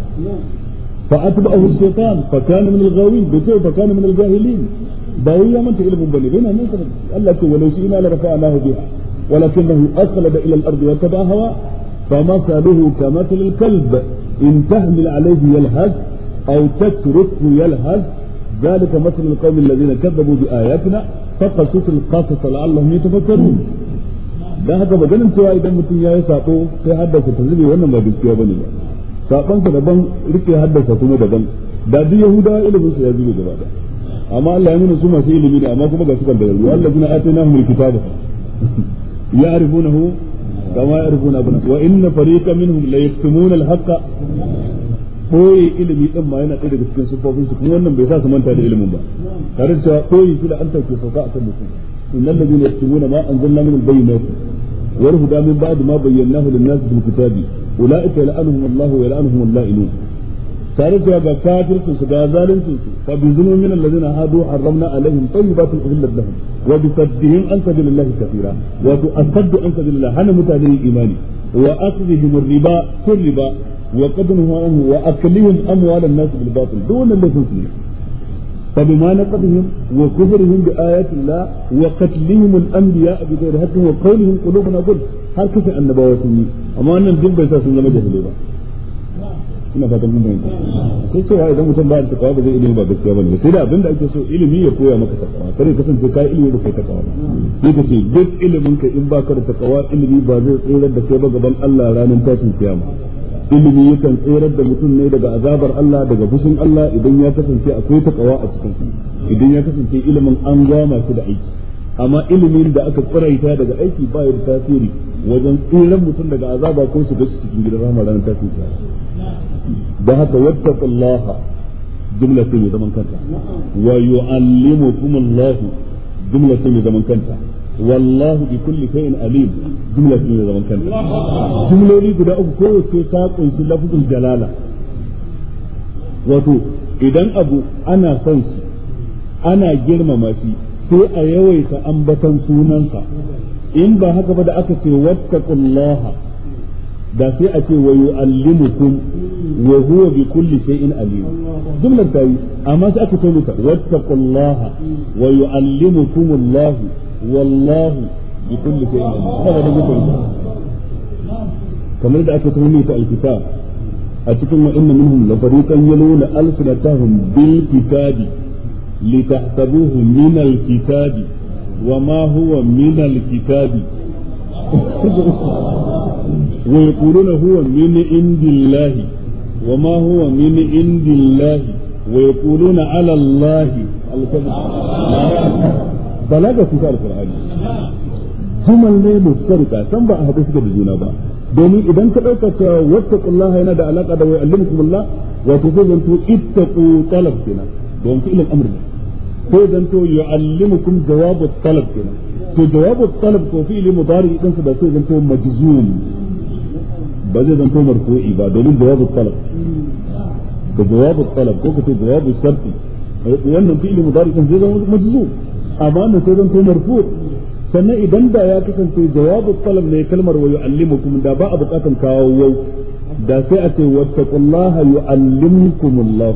fa atba'ahu shaytan fa kana min al-ghawin bi ce fa kana min al-jahilin ba wai ya manta ilmin bane bai na nan Allah ce walau shi ina la rafa'alahu biha walakinahu ولكنه أخلد إلى الأرض وتبع هواه فمثله كمثل kalb إن تحمل عليه يلهث أو تتركه يلهث ذلك مثل القوم الذين كذبوا بآياتنا فقصص القصص لعلهم يتفكرون Da haka ganin cewa idan mutum ya yi sako sai haddasa ta zube wannan ba gaskiya bane ba sakonsa daban rike haddasa kuma daban da duk yahudawa ilimin su ya zube gaba da amma Allah ya nuna su masu ilimi ne amma kuma ga su kan da yarda Allah kuma atainahumul kitaba ya'rifunahu kama ya'rifuna abna wa inna fariqan minhum la yaktumuna al-haqqa koyi ilimi din ma yana ɗaya daga cikin sufofin su kuma wannan bai sa su manta da ilimin ba tare da cewa koyi shi da an ke sauka akan mutum innal ladina yaktumuna ma anzalna min al-bayyinati wal huda min ba'd ma bayyanahu lin-nas bil kitabi ulaika yal'anuhum Allah wa yal'anuhum al-la'inun tare da ga kafircin su ga zalincin su fa bi zulumin alladhina hadu harramna alaihim tayyibatin uhillat lahum wa bi saddihim an sabilillahi kathira wa bi asaddu an sabilillah hana mutane imani wa akhdhihim ar-riba sirriba wa qadnuhu anhu wa aklihim amwal an-nas bil batil dole ne sun فبما نقضهم وكفرهم بآيات الله وقتلهم الأنبياء بغير حق وقولهم قلوبنا غل هل كيف أن نباوسني أما أن الجن بيسا سنما جهلي با ina fatan mun bayyana sai cewa idan mutum ba da takawa ba zai ilimi ba gaskiya bane sai da abinda da ake so ilimi ya koya maka takawa kare kasance ka ilimi ba kai takawa ba sai ka ce duk ilimin ka in baka da takawa ilimi ba zai tsirar da kai ba gaban Allah ranar tashin kiyama ilimi yakan tserar da mutum ne daga azabar Allah daga fushin Allah idan ya kasance akwai takawa a cikin shi idan ya kasance ilimin an gama shi da aiki amma ilimin da aka tsiraita daga aiki ba ya da tasiri wajen tsiran mutum daga azaba ko su ga cikin gidan rahama ranar tasiri da haka wattaqullaha jumla sai mai zaman kanta wa yu'allimukumullahu jumla sai mai zaman kanta wallahu bi kulli shay'in alim jumla ce da zaman kanta jumloli guda uku kowace ta kunshi lafzul dalala. wato idan abu ana son shi ana girmama shi sai a yawaita ambatan sunansa in ba haka ba da aka ce wattaqullaha da sai a ce wa yu'allimukum wa huwa bi kulli shay'in alim jumlar ta yi amma sai aka ce mata wattaqullaha wa yu'allimukumullahu والله بكل شيء هذا ده بكل kamar da aka tauni ta alkitab a cikin wa'inna minhum la fariqan yaluna alsinatahum bil kitabi litahsabuhu min al kitabi wa huwa min al kitabi wa yaquluna huwa min indillahi wa huwa indillahi balaga su ta alkur'ani jumal ne mutarika san ba a haɗu suke da juna ba domin idan ka ɗauka cewa wata kullaha yana da alaƙa da wa'allin kumullah wato sai zanto ittaqu talab kenan don fi'il amr ne sai zanto yu'allimukum jawabu talab kenan to jawabu talab ko fi'il mudari idan ka da sai zanto majzum ba zai zanto marfu'i ba domin jawabu talab ka jawabu talab ko ka ce jawabu sharti wannan fi'il mudari kan zai zama majzum amma ne sai zan to marfu sannan idan da ya kasance jawabu kalam ne kalmar wa yu'allimukum da ba a bukatan kawo yau da sai a ce wattaqullaha yu'allimkumullah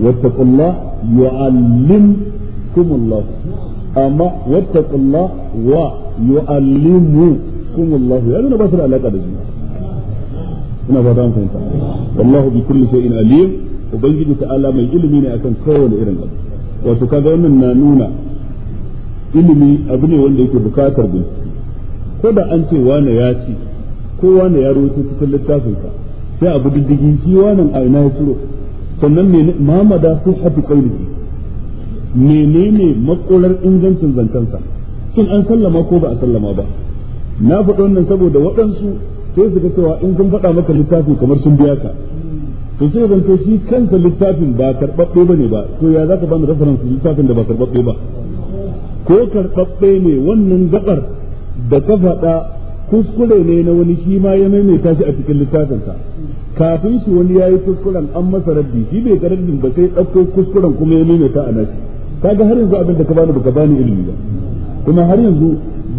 wattaqullaha yu'allimkumullah amma wattaqullaha wa yu'allimukumullah yana ba su da alaka da juna ina ba da fahimta wallahu bi kulli shay'in alim ubangiji ta'ala mai ilimi ne akan kowane irin abu wato kaga wannan na nuna ilimi abu ne wanda yake bukatar bincike ko da an ce wane ya ce ko wane ya rawaito cikin littafinsa sai abu diddigi shi wannan a ina ya ciro sannan mene mamada ko hadu qaulihi menene makolar ingancin zancensa? shin an sallama ko ba a sallama ba na faɗi wannan saboda waɗansu sai su ga cewa in sun faɗa maka littafi kamar sun biya ka to sai zan to shi kansa littafin ba karɓaɓɓe ba ne ba to ya za ka bani reference littafin da ba karɓaɓɓe ba ko karɓaɓɓe ne wannan gaɓar da ka faɗa kuskure ne na wani shi ma ya maimaita shi a cikin littafin littafinsa kafin shi wani ya yi kuskuren an masa rabbi shi bai ga rabbin ba sai ɗauko kuskuren kuma ya maimaita a nashi kaga har yanzu abin da ka bani ka bani ilimi ba kuma har yanzu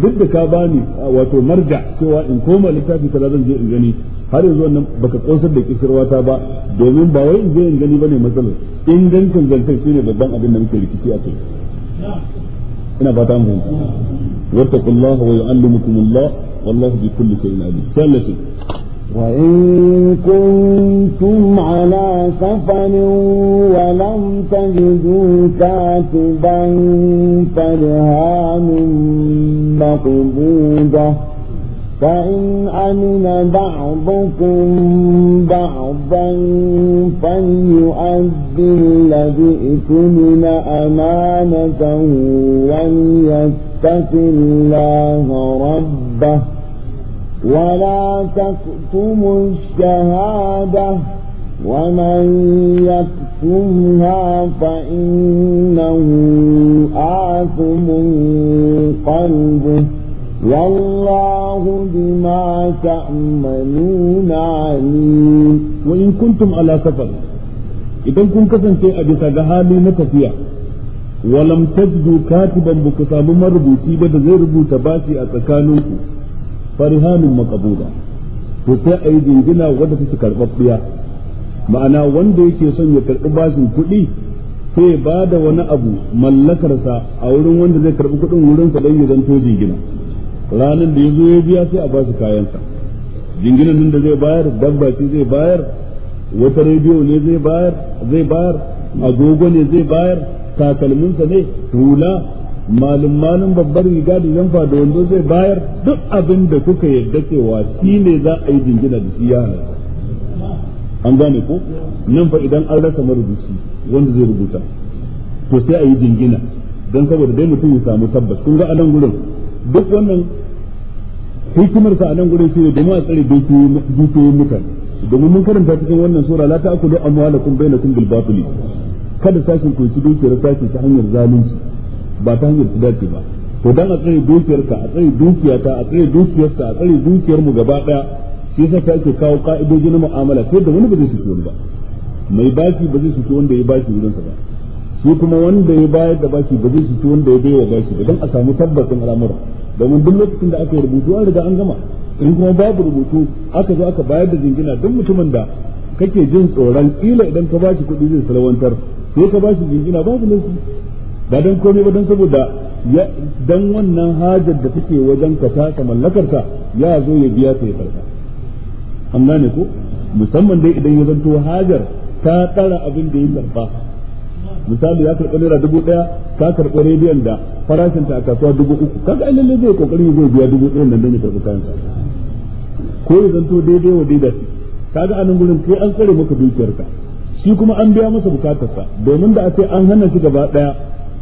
duk da ka bani wato marja cewa in koma littafi kaza zan je in gani har yanzu wannan baka kosar da kisirwa ta ba domin ba wai zai gani bane matsalar ingancin zantar shine babban abin da muke rikici a kai ina fata mu wattaqullaha wa yu'allimukumullah wallahu bi kulli shay'in alim sallatu وإن كنتم على سفر ولم تجدوا كاتبا فرهان مقبوضة فإن أمن بعضكم بعضا فليؤدي الذي ائتمن أمانته وليتق الله ربه ولا تكتموا الشهادة ومن يكتمها فإنه آثم قلبه والله بما تعملون عليم وإن كنتم على سفر إذا كنت كسن شيء أبي سجهالي نتفيا ولم تجدوا كاتبا بكتاب مربوطي بدا زي ربوطة باشي أتكانوكو فرهان مقبولا وسا أي دنجنا ودك تكربط بيا ma'ana wanda yake son ya karɓi bashin kuɗi sai ba da wani abu mallakarsa a wurin wanda zai karɓi kuɗin wurinsa don ya zanto jingina ranar da ya zo ya biya sai a ba su kayansa jinginan nan da zai bayar dabba ce zai bayar wata rediyo ne zai bayar zai bayar agogo ne zai bayar takalminsa ne hula malin malin babbar riga da yanfa da wando zai bayar duk abin da kuka yarda cewa shi ne za a yi jingina da shi ya an gane ko nan fa idan an rasa marubuci wanda zai rubuta to sai a yi jingina don saboda dai mutum ya samu tabbas kun ga a nan gurin duk wannan hikimar sa a nan gurin shine domin a tsare dukiyoyin mutane domin mun karanta cikin wannan sura la ta'kulu amwalakum bainakum bil batil kada sashin ku ci dukiyar sashin ta hanyar zalunci ba ta hanyar tsadaci dace ba to dan a tsare dukiyar ka a tsare dukiyar ta a tsare dukiyar sa a tsare dukiyar mu gaba daya shi yasa ta kawo ka'idojin na mu'amala sai da wani ba zai shi ba mai bashi ba zai shi wanda ya bashi wurin sa ba shi kuma wanda ya bayar da bashi ba zai ci wanda ya da bashi ba don a samu tabbacin al'amura domin duk lokacin da aka yi rubutu an riga an gama in kuma babu rubutu aka zo aka bayar da jingina duk mutumin da kake jin tsoron kila idan ka bashi kuɗi zai salwantar sai ka bashi jingina babu laifi ba dan komai ba don saboda dan wannan hajar da take wajen ka ta mallakar ka ya zo ya biya ta ya karka an gane ko musamman dai idan ya zanto hajar ta tsara abin da ya karba misali ya karɓi naira dubu ɗaya ka karɓi rediyon da farashinta a kasuwa dubu uku kaga ai lalle zai kokari zai biya dubu ɗaya nan don ya karɓi kayan ko ya zanto daidai wa daidai kaga a nan gurin kai an tsare maka dukiyarka shi kuma an biya masa bukatarsa domin da a ce an hana shi gaba ɗaya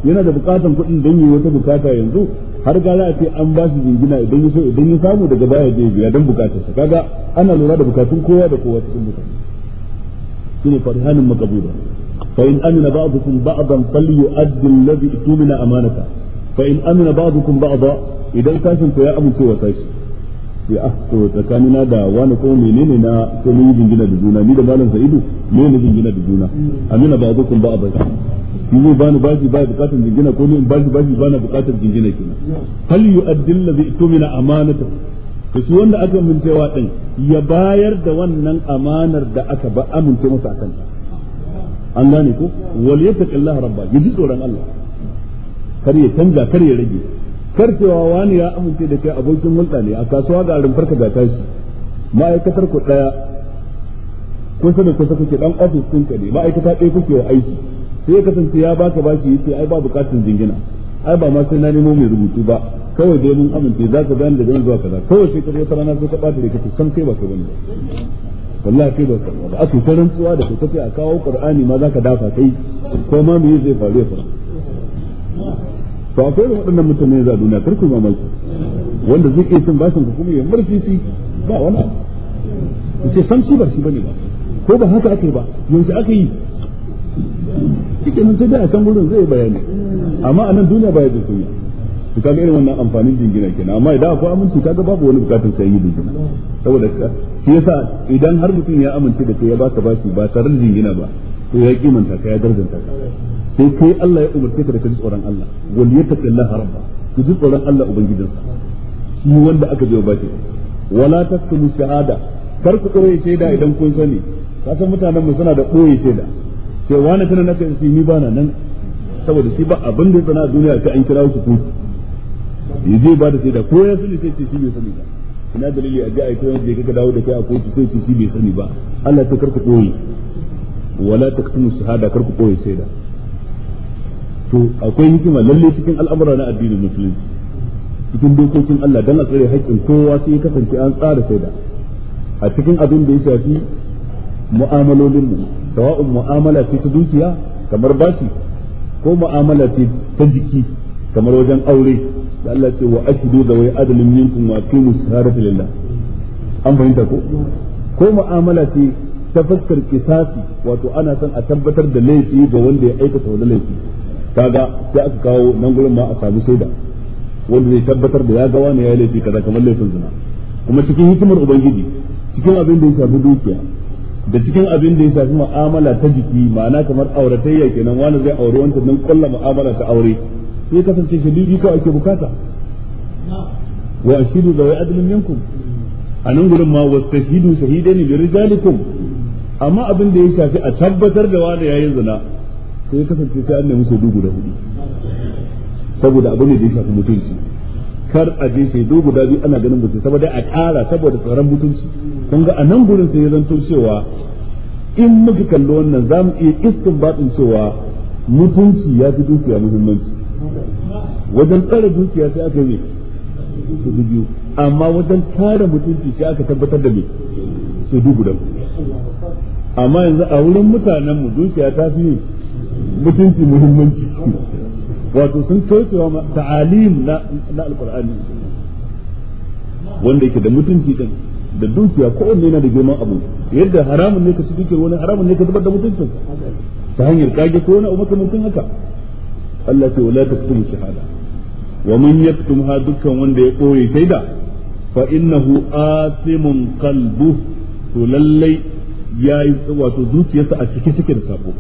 yana da bukatan kuɗi don yi wata bukata yanzu har gara a ce an ba shi jingina idan ya so idan ya samu daga baya zai biya don bukatarsa kaga ana lura da bukatun kowa da kowa cikin mutane shine farhanin makabura فإن أمن بعضكم بعضا فليؤدي الذي اؤتمن أمانته فإن أمن بعضكم بعضا إذا كاشن فيا أبو سوى ساشي sai ah to tsakanina da wani ko menene na ko yi jingina da ni da malam sa'idu ne ne jingina da juna amina ba zukun ba ba shi ne bani bashi ba bukatar jingina ko bukatar amanata wanda aka mintewa din ya bayar da wannan amanar da aka ba amince masa akan an gane ko wal yattaqillaha rabba yaji tsoron Allah kar ya canja kar ya rage kar cewa wani ya amince da kai abokin hulɗa ne a kasuwa ga rumfar ka ga tashi ma'aikatar ku daya sai da kusa kuke dan office kun ka ne ma'aikata ɗaya kuke wa aiki sai ya kasance ya baka bashi yace ai ba bukatun jingina ai ba ma sai na nemo mai rubutu ba kawai dai mun amince za ka gane da zan zuwa kaza kawai sai ka zo ta rana sai ka bata da kace san kai ba ka bane wallahi kai ba karba ba aka tarin tsuwa da kai kace a kawo qur'ani ma zaka dafa kai ko ma me zai faru ya faru to akwai waɗannan mutane za duniya kar ku mamaki wanda zai iya cin bashin kuma ya murfi shi ba wani abu ce san shi ba shi bane ba ko ba haka ake ba yanzu aka yi cikin sai da a can gurin zai bayani amma a nan duniya ba ya da duniya to kaga irin wannan amfanin jingina kenan amma idan akwai aminci kaga babu wani bukatun sai yi jingina saboda shi yasa idan har mutum ya amince da kai ya baka bashi ba tare da jingina ba to ya kimanta ka ya darjanta ka sai kai Allah ya umarce ka da ka ji tsoron Allah wal yattaqillaha rabba ku ji tsoron Allah ubangijinsa shi wanda aka biyo bashi wala taktumu shahada kar ku koyi shaida idan kun sani ka san mutanen mu suna da koyi shaida cewa na tana naka shi ni bana nan saboda shi ba abin da ya tsana a duniya sai an kira ku kotu ya je ba da shaida ko ya sani sai ce shi bai sani ba ina dalili a ga a kai wanda kaga dawo da kai a kotu sai ce shi bai sani ba Allah ta karku koyi wala taktumu shahada karku koyi shaida to akwai hikima lalle cikin al'amura na addinin musulunci cikin dokokin Allah dan a tsare haƙƙin kowa sai kasance an tsara shaida a cikin abin da ya shafi mu'amalolin mu sawa'un mu'amala ce ta dukiya kamar baki ko mu'amala ce ta jiki kamar wajen aure Allah ce wa ashidu da wai adalin minkum wa qimu shahadata lillah an fahimta ko ko mu'amala ce ta fuskar kisasi wato ana son a tabbatar da laifi ga wanda ya aikata wani laifi kaga sai aka kawo nan gurin ma a samu shaida wanda zai tabbatar da ya ga wani ya laifi kaza kamar laifin zina kuma cikin hikimar ubangiji cikin abin da ya shafi dukiya da cikin abin da ya shafi mu'amala ta jiki ma'ana kamar auratayya kenan wani zai aure wancan dan kulla mu'amala ta aure sai kasance shahidi kawai ake bukata wa ashidu da wai adalin minkum a nan gurin ma wastashidu shahidaini bi rijalikum amma abin da ya shafi a tabbatar da wani yayin zina sai kasance sai an nemi shaidu guda hudu saboda abin da ya shafi mutunci kar a je sai shaidu guda biyu ana ganin mutunci saboda a ƙara saboda tsaron mutunci kun ga a nan gurin sai ya zanto cewa in muka kalli wannan za mu iya istin batsin cewa mutunci ya fi dukiya muhimmanci wajen tsara dukiya sai aka yi su biyu amma wajen tara mutunci sai aka tabbatar da me su dubu da amma yanzu a wurin mutanen mu dukiya ta fi mutunci muhimmanci wato sun kaucewa ta'alim na na alqur'ani wanda yake da mutunci din da dukiya kowanne yana da girman abu yadda haramun ne ka su dukiya wani haramun ne ka zubar da mutuncin ta hanyar kage ko wani abu makamantin haka Allah ce wala taktum shahada wa man yaktumha dukkan wanda ya koye shaida fa innahu asimun qalbu to lallai yayi wato zuciyarsa a cike take da sako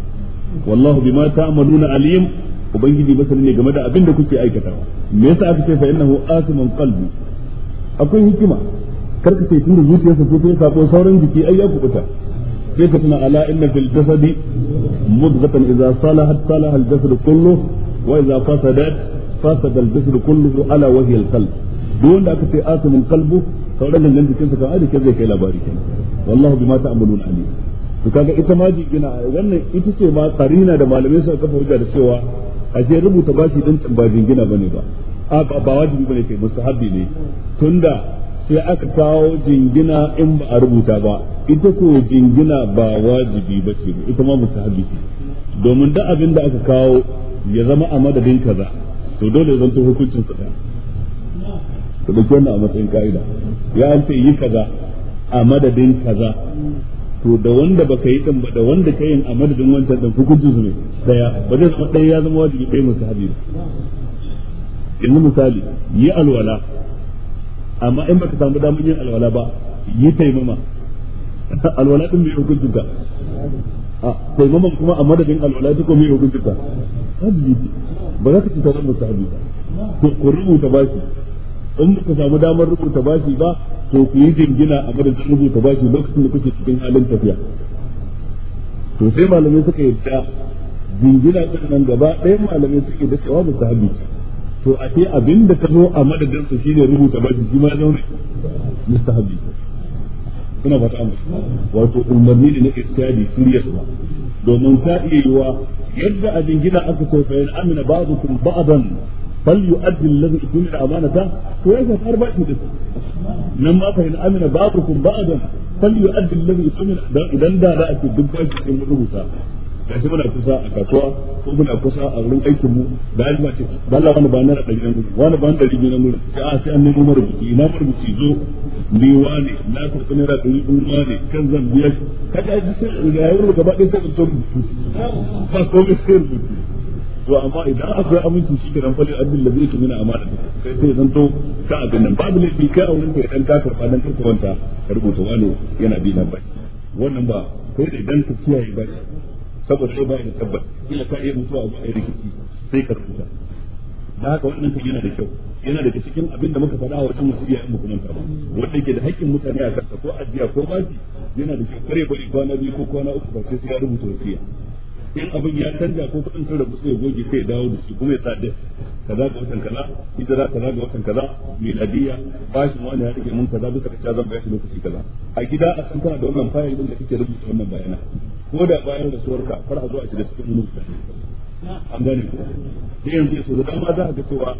wallahu bima ta'maluna alim ubangiji masani ne game da abin da kuke aikatawa me yasa aka ce fa innahu asimun qalbu akwai hikima karka ce tunda zuciyarsa ce ta sako sauran jiki ai ya kubuta sai ka tuna ala inna fil jasadi mudghatan idza salahat salaha al jasad kullu Wai idza fasadat fasada al-jisr kulluhu ala wajhi al-qalb duk wanda aka ce asimin qalbu sauran gangan jikin sa kan aje kai zai kai labari kenan wallahu bima ta'malun alim to kaga ita ma jigina wannan ita ce ma karina da malamai suka kafa hujja da cewa ashe rubuta bashi jingina bane ba a ba wajibi ne tunda sai aka kawo jingina in ba a rubuta ba ita ko jingina ba wajibi ba ce ita ma mustahabi ce domin da abin da aka kawo ya zama a madadin kaza to dole ya zanto hukuncin su da to duk wannan a matsayin ka'ida ya an ce yi kaza a madadin kaza to da wanda baka yi din ba da wanda ka yin a madadin wancan din hukuncin su ne daya ba zai zama ɗaya ya zama wajibi ɗaya ba yanzu misali yi alwala amma in baka samu damar yin alwala ba yi taimama alwala din bai hukuncin ka a taimaman kuma a madadin alwala ta kuma yau guntuka hajji ce ba za ka ci sauran musahabi ba to ku rubuta bashi in ka samu damar rubuta bashi ba to ku yi jingina a madadin rubuta bashi lokacin da kuke cikin halin tafiya to sai malamai suka yadda jingina ɗin nan gaba ɗaya malamai suke da cewa musahabi hajji to a ce abin da ka zo a madadin su shine rubuta bashi shi ma zaune zaune hajji ina ba ta amsa wato umarni ne na irtadi shiryarwa domin ta iya yiwa yadda abin gina aka so fa amina ba'dukum ba'dan bal yu'addi alladhi yu'minu amanata to ya ga farba shi da nan ma fa in amina ba'dukum ba'dan bal yu'addi alladhi yu'minu idan da za a ce duk bashi cikin rubuta da gashi muna kusa a kasuwa ko muna kusa a wurin aikin mu da alima ce ba Allah wani ba na da ɗari nan gudu wani ba na ɗari biyu nan gudu sai a ah, sai an nemo marubuci ina marubuci zo liwa wane na karɓi naira ɗari ɗuma ne kan zan biya shi kaga ji sai ga yaro gaba ɗaya sai ɗauki rubutu ba komai sai rubutu to amma idan akwai aminci shi kiran fali abin da zai tumina amana ta kai sai zan to ka a nan babu bi kai a wurin ka idan ka karɓa dan karɓa wanta ka rubuta wani yana bi nan ba wannan ba kai da idan ka kiyaye ba saboda sai ba ya tabbata kila ka iya mutuwa a rikici sai ka rubuta da haka wannan kan yana da kyau yana daga cikin abin da muka faɗa a wajen masu biya muku manta karɓa wanda yake da haƙƙin mutane a kansa ko ajiya ko bashi yana da kyau ya bari kwana biyu ko kwana uku ba sai ya rubuta wasiya in abin ya canja ko kuɗin sun rabu sai goge sai dawo da su kuma ya sa da kaza ga watan kaza hijira kaza ga watan kaza miladiya bashin wani ya rike mun kaza bisa ka zan bashi lokaci kaza a gida a san kana da wannan fayil din da kake rubuta wannan bayana ko da bayan rasuwarka far a zo a shiga cikin mulki an gane ko da yanzu ya so da dama za a ga cewa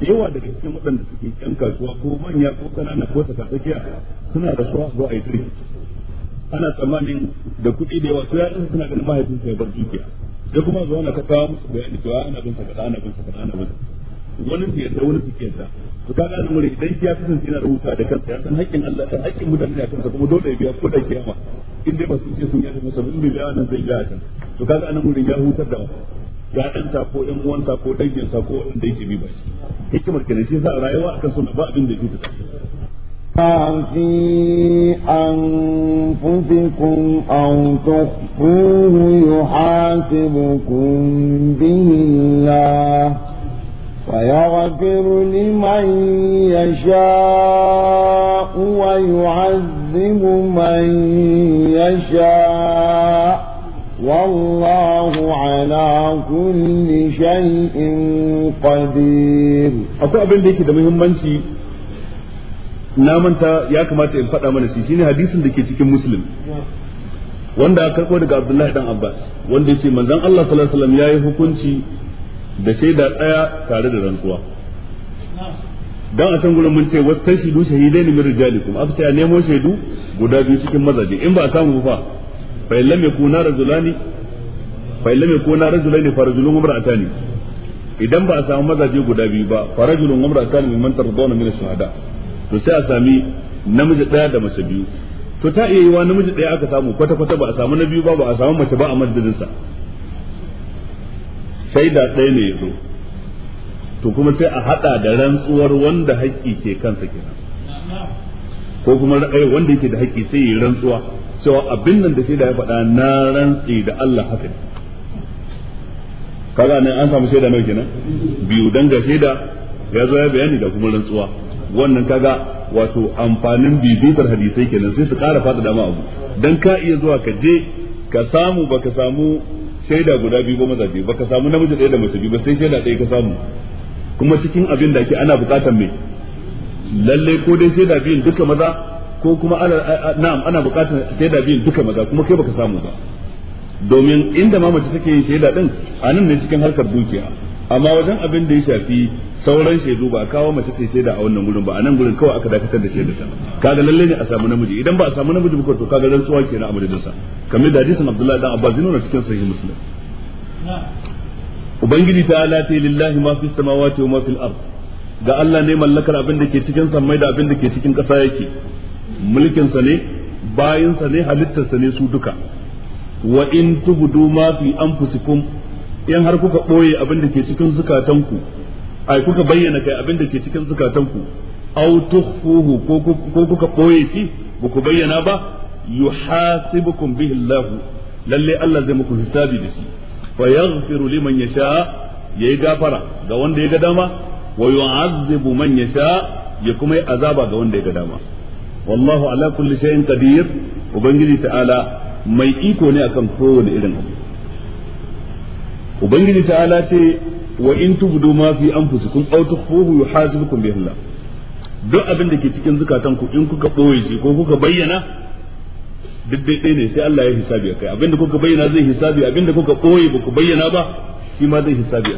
da yawa daga cikin waɗanda suke yan kasuwa ko manya ko kanana ko tsakatsakiya suna da suwa zuwa a yi turki ana tsammanin da kuɗi da yawa su ya ɗansu suna ganin mahaifin sai bar dukiya da kuma zuwa na kaka musu bayani cewa ana bin sakata ana bin sakata ana bin wani su yadda wani su ke yadda su ka gane wuri idan shi ya kasance yana rubuta da kansa ya san haƙƙin Allah san haƙƙin mutane a kansa kuma dole ya biya kuɗin kiyama in dai ba su ce sun yafe musamman in bai biya nan zai biya a can su ka gane wuri ya hutar da ya'yansa ko ɗan uwansa ko danginsa ko wanda yake bi ba shi hikimar kenan shi yasa rayuwa akan suna ba abin da yake في أنفسكم أو aw يحاسبكم yuhasibukum الله فيغفر لمن يشاء ويعذب من يشاء والله على كل شيء قدير akwai abin da yake da muhimmanci na manta ya kamata in faɗa mana shi ne hadisin da ke cikin muslim wanda aka karɓo daga abdullahi dan abbas wanda yace manzon Allah sallallahu alaihi wasallam yayi hukunci da shaida ɗaya tare da rantsuwa dan a can gurin mun ce wasu wastashidu shahidaini min rijalikum aka ce nemo shaidu guda biyu cikin mazaje in ba a samu ba fa lam yakuna rajulani fa lam yakuna rajulani fa rajulun imra'atani idan ba a samu mazaje guda biyu ba fa rajulun imra'atani mimman tardawna min ash-shuhada to sai a sami namiji daya da mace biyu to ta iya yiwa namiji daya aka samu kwata kwata ba a samu na biyu ba ba a samu mace ba a madadin sa sai da ɗaya ne ya to kuma sai a hada da rantsuwar wanda haƙƙi ke kansa kenan ko kuma eh, wanda yake da haƙƙi sai ya rantsuwa cewa abin nan da da ya faɗa na rantsi da Allah haka ne kaga nan an samu shaida nawa kenan biyu dan ga shaida ya zo ya bayani da kuma rantsuwa wannan kaga wato amfanin bibitar hadisai kenan sai su ƙara faɗa dama abu dan ka iya zuwa ka je ka samu baka samu shaida guda biyu ba mazaje baka samu namiji ɗaya da mace biyu ba sai shaida ɗaya ka samu kuma cikin abin da ake ana buƙatar me lalle ko dai shaida biyun duka maza ko kuma na'am ana bukatar shaida biyun duka maza kuma kai baka samu ba domin inda ma mace take yin shaida din a nan ne cikin harkar dukiya amma wajen abin da ya shafi sauran shaidu ba a kawo mace ta shaida a wannan gurin ba a nan gurin kawai aka dakatar da shaida ta kaga lalle ne a samu namiji idan ba a samu namiji ba to kaga rantsuwa ke na madadin sa kamar da hadisin Abdullahi dan Abbas na cikin sahih Muslim ubangiji ta ala ta lillahi ma fi samawati wa ma fil ard ga Allah ne mallakar abin da ke cikin samai da abin da ke cikin ƙasa yake mulkinsa ne bayinsa ne halittarsa ne su duka wa in tubdu ma fi anfusikum in har kuka boye abin da ke cikin zukatanku ai kuka bayyana kai abin da ke cikin zukatanku aw tukhfuhu ko kuka boye shi ba ku bayyana ba yuhasibukum bihi Allah lalle Allah zai muku hisabi da shi fa yaghfiru liman yasha yayi gafara ga wanda ya ga dama wa yu'azzibu man yasha ya kuma yi azaba ga wanda ya ga dama wallahu ala kulli shay'in qadir ubangiji ta'ala mai iko ne akan kowane irin abu ubangiji ta'ala ce wa in tubdu ma fi anfusikum aw tukhfuhu yuhasibukum bihi Allah duk abin da ke cikin zukatan ku in kuka boye ko kuka bayyana duk ne sai Allah ya hisabi akai abin da kuka bayyana zai hisabi abin da kuka boye ba ku ba ma zai hisabi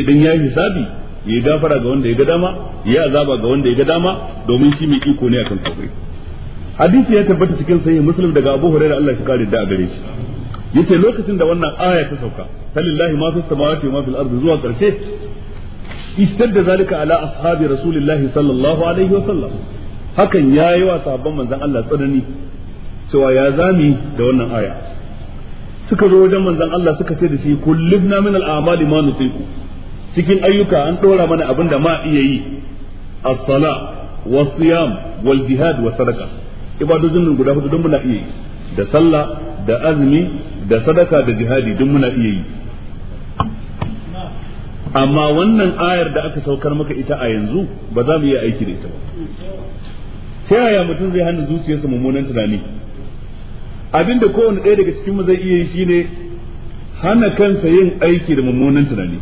idan ya hisabi ya gafara ga wanda ya ga dama ya azaba ga wanda ya ga dama domin shi mai iko ne akan kafiri hadisi ya tabbata cikin sahih muslim daga abu hurairah Allah shi kare da a gare shi yace lokacin da wannan aya ta sauka salillahi ma fis samawati wa ma fil ardi zuwa karshe da zalika ala ashabi rasulillahi sallallahu alaihi wa sallam hakan yayi wa sahabban manzon Allah tsanani cewa ya zami da wannan aya suka zo wajen manzon Allah suka ce da shi kullibna min al-a'mali ma nutiku cikin ayyuka an dora mana abin da ma iya yi as-sala wa siyam wal jihad wa sadaqa ibadojin nan guda hudu don muna iya yi da sallah da azumi da sadaka da jihadi duk muna iya yi amma wannan ayar da aka saukar maka ita a yanzu ba za mu iya aiki da ita ba ta yaya mutum zai hana zuciyarsa mummunan tunani abinda kowane ɗaya daga cikin mu zai iya yi shine hana kansa yin aiki da mummunan tunani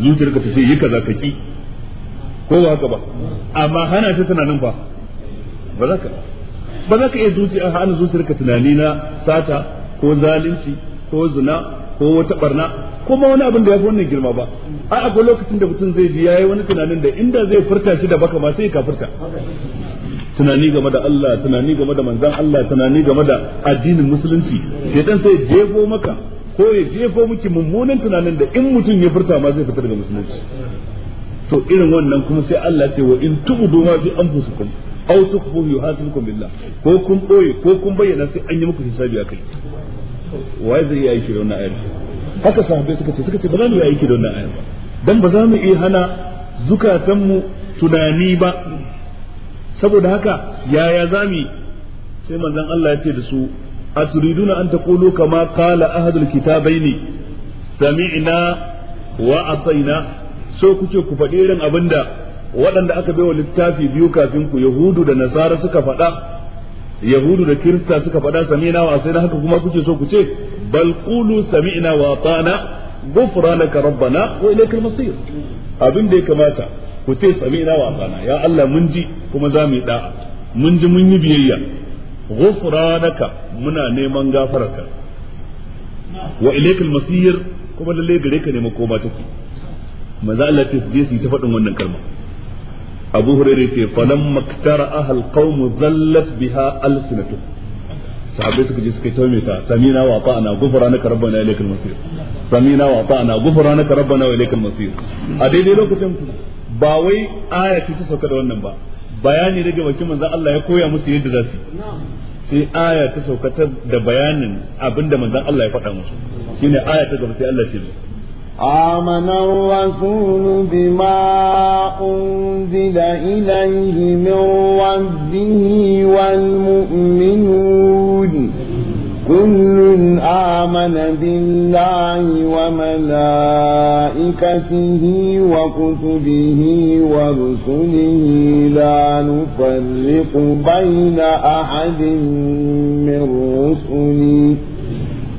zuciyarka ta ce yi kaza ka ki ko ba haka ba amma hana ta nan fa ba za ka ba za ka iya zuciya hana zuciyarka tunani na sata ko zalunci ko zina ko wata barna ko ma wani abin da ya fi wannan girma ba a akwai lokacin da mutum zai ji ya yi wani tunanin da inda zai furta shi da baka ma sai ka furta tunani game da Allah tunani game da manzan Allah tunani game da addinin musulunci shedan sai jefo maka ko ya jefo miki mummunan tunanin da in mutum ya furta ma zai fita daga musulunci to irin wannan kuma sai Allah ce wa in tubudu ma fi anfusikum aw tukhfu yuhasibukum billah ko kun boye ko kun bayyana sai an yi muku hisabi akai waye zai yi aiki da wannan ayar haka sahabbai suka ce suka ce ba za mu yi aiki da wannan ayar ba dan ba za mu iya hana zukatanmu tunani ba saboda haka yaya za sai manzon Allah ya ce da su aturiduna an taqulu kama qala ne kitabaini sami'na wa asaina so kuke ku faɗi irin abinda waɗanda aka baiwa littafi biyu kafin ku yahudu da nasara suka faɗa yahudu da kirista suka faɗa sami'na wa asaina kuma kuke so ku ce bal qulu sami'na wa atana ghufranaka rabbana wa ilaykal masir abin da ya kamata ku ce sami'na wa atana ya Allah mun ji kuma za mu yi da'a mun ji mun yi biyayya ghufranaka muna neman gafararka wa ilaykal masir kuma lalle gare ka ne makoma take manzo Allah ce je su ta faɗin wannan kalma Abu Hurairah ce falam maktara ahal qaum zallat biha alsinatu sahabbai suka je suka yi taume ta samina wa ta'ana ghufranaka rabbana ilaykal masir samina wa ta'ana ghufranaka rabbana wa ilaykal masir a daidai lokacin ba wai aya ce ta sauka da wannan ba bayani daga bakin manzon Allah ya koya musu yadda za su sai aya ta saukatar da bayanin abinda manzon Allah ya faɗa musu shine aya ta gaba sai Allah ce آمن الرسول بما أنزل إليه من ربه والمؤمنون كل آمن بالله وملائكته وكتبه ورسله لا نفرق بين أحد من رسله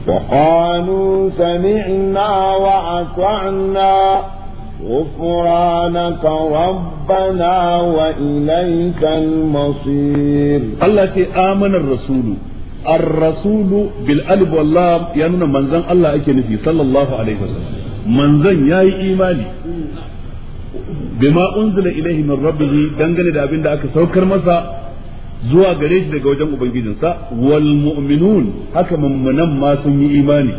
وقالوا سمعنا وأطعنا غفرانك ربنا وإليك المصير التي آمن الرسول ar-rasulu bil alif wal lam ya nuna manzon Allah ake nufi sallallahu alaihi wasallam manzon yayi imani bima unzila ilaihi min rabbih dangane da abin da aka saukar masa zuwa gare shi daga wajen ubangijinsa wal mu'minun haka mummunan ma sun yi imani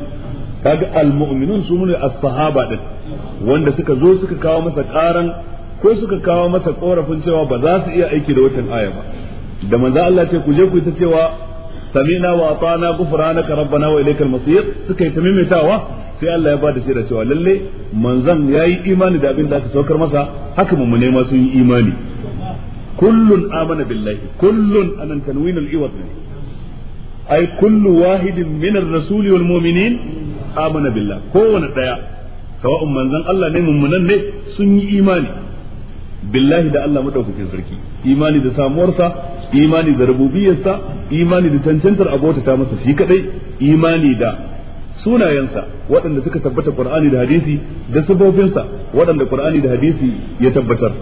kaga al mu'minun su ne as-sahaba din wanda suka zo suka kawo masa karan ko suka kawo masa korafin cewa ba za su iya aiki da waccan aya ba da manzo Allah ce ku je ku ta cewa samina wa atana ghufranaka rabbana wa ilaykal masir suka yi tamimitawa sai Allah ya bada shaida cewa lalle manzon yayi imani da abin da aka saukar masa haka mu sun yi imani kullun amana billahi kullun anan tanwinul iwad ai kullu wahidin min ar-rasuli wal mu'minin amana billah kowanne daya sawa'un manzon Allah ne mummunan ne sun yi imani billahi da Allah madaukakin sarki imani da samuwarsa imani da rububiyarsa imani da cancantar abota ta masa shi kadai imani da sunayensa waɗanda suka tabbata qur'ani da hadisi da sifofinsa waɗanda qur'ani da hadisi ya tabbatar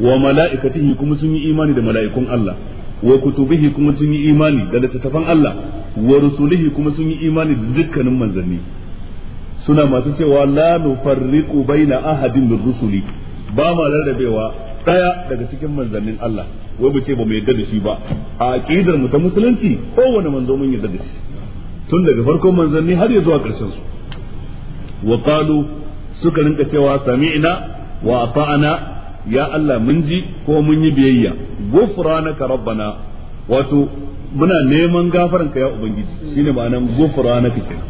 wa mala'ikatihi kuma sun yi imani da mala'ikun Allah wa kutubihi kuma sun yi imani da littattafan Allah wa rusulihi kuma sun yi imani da dukkanin manzanni suna masu cewa la nufarriqu baina ahadin min rusuli ba ma rarrabewa daya daga cikin manzannin Allah wai bace ce ba mu yadda da shi ba a aqidar mu ta musulunci wani manzo mun yadda da shi tun daga farkon manzanni har ya zuwa karshen su wa qalu suka rinka cewa sami'na wa ata'na ya Allah mun ji ko mun yi biyayya ghufranaka rabbana wato muna neman gafaranka ya ubangiji shine ma'anan ghufranaka kenan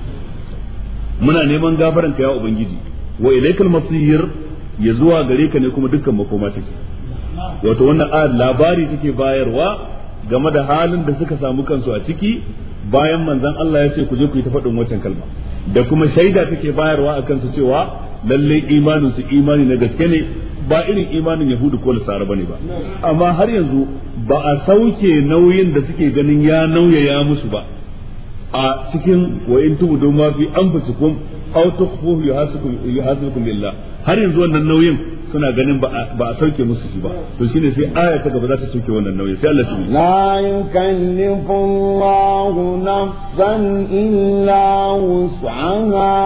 muna neman gafaranka ya ubangiji wa ilaikal masir ya zuwa gare ka ne kuma dukkan makoma take wato wannan ayar labari take bayarwa game da halin da suka samu kansu a ciki bayan manzon Allah ya ce ku je ku yi ta faɗin wancan kalma da kuma shaida take bayarwa a kansu cewa lalle imanin su imani na gaske ne ba irin imanin yahudu ko lasara bane ba amma har yanzu ba a sauke nauyin da suke ganin ya nauyaya musu ba a cikin wa tubu mafi mafi an fusukun aw tukhfuhu yuhasibukum yuhasibukum billah har yanzu wannan nauyin suna ganin ba a sauke musu shi ba to shine sai aya ta gaba za ta sauke wannan nauyin sai Allah ya la yukallifu Allahu nafsan illa wus'aha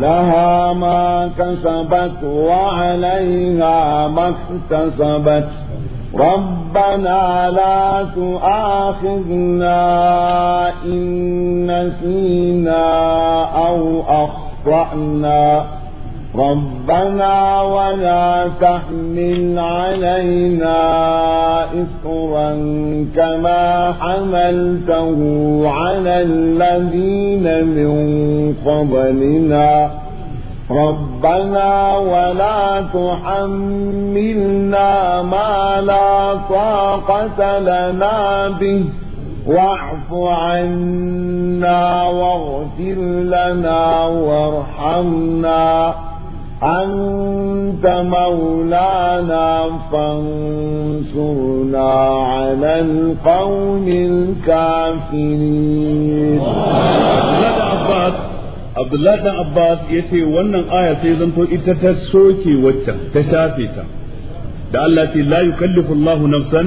لها ما كسبت وعليها ما اكتسبت ربنا لا تؤاخذنا إن نسينا أو أخطأنا ربنا ولا تحمل علينا إسرا كما حملته على الذين من قبلنا ربنا ولا تحملنا ما لا طاقة لنا به واعف عنا واغفر لنا وارحمنا أنت مولانا فانصرنا على القوم الكافرين abdullahi dan abbas ya ce wannan aya sai zanto ita ta soke waccan ta shafe ta da Allah ce la yukallifu Allahu nafsan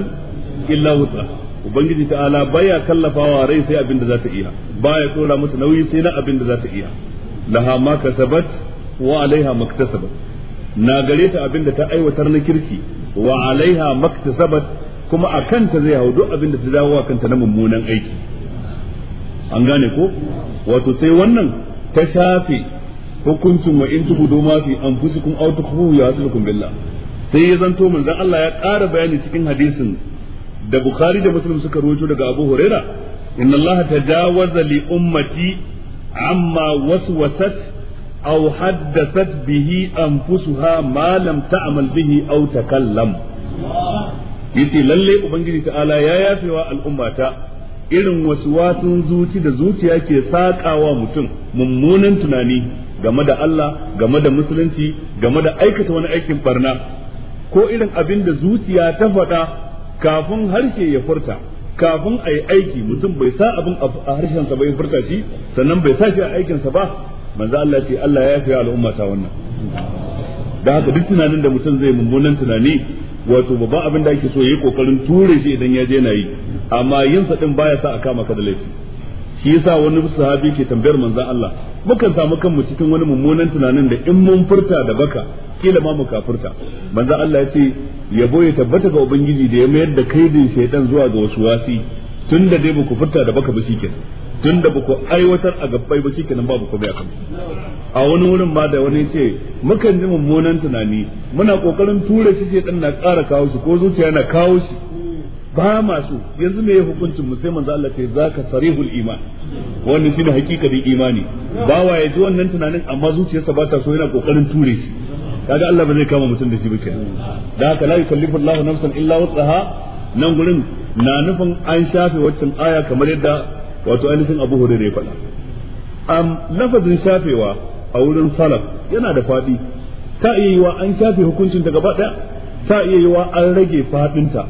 illa wusa ubangiji ta'ala baya kallafawa rai sai abin da za ta iya baya tsora mata nauyi sai na abin da za ta iya laha ma kasabat wa alaiha maktasabat na gare ta abin da ta aiwatar na kirki wa alaiha maktasabat kuma a kanta zai hau duk abin da ta dawo kanta na mummunan aiki an gane ko wato sai wannan ta shafe hukuncin wa in tubudu ma fi anfusikum aw tukhfu yasilukum billah sai ya zanto manzon Allah ya ƙara bayani cikin hadisin da Bukhari da Muslim suka rawaito daga Abu Huraira inna Allah tajawaza li ummati amma waswasat aw haddathat bihi anfusuha ma lam ta'mal bihi aw takallam yace lalle ubangiji ta'ala ya yafewa al'ummata irin wasu watsun zuci da zuciya ke saƙawa mutum mummunan tunani game da Allah game da musulunci game da aikata wani aikin barna ko irin abin da zuciya ta faɗa kafin harshe ya furta kafin a yi aiki mutum bai sa abin a harshensa bai furta shi sannan bai sa shi a aikinsa ba manzo Allah ce Allah ya fi al'umma ta wannan da haka duk tunanin da mutum zai mummunan tunani wato babban abin da ake so yayi kokarin ture shi idan ya je na yi amma yin sa din baya sa a kama ka da laifi shi yasa wani sahabi ke tambayar manzon Allah mukan samu kanmu cikin wani mummunan tunanin da in mun furta da baka kila ma mu kafurta manzon Allah ya ce yabo ya tabbata ga ubangiji da ya mayar da kaidin shaytan zuwa ga wasu wasi tunda dai ba ku furta da baka ba shikenan tun da baku aiwatar a gabbai ba shikenan babu komai a kanku a wani wurin ma da wani ce mukan ji mummunan tunani muna kokarin tura shi sai dan na ƙara kawo shi ko zuciya na kawo shi ba masu yanzu me ya hukuncin mu sai manzo Allah ce zaka sarihul iman wannan shine hakikatin imani ba wa ya ji wannan tunanin amma zuciyarsa ba ta so yana kokarin ture shi kaga Allah ba zai kama mutum da shi ba kenan da haka la yukallifu Allahu nafsan illa wusaha nan gurin na nufin an shafe waccan aya kamar yadda wato ainihin abu hurairah ya faɗa am lafazin shafewa a wurin salaf yana da faɗi ta iya yiwa an shafe hukuncin ta gaba ɗaya ta iya yiwa an rage faɗinta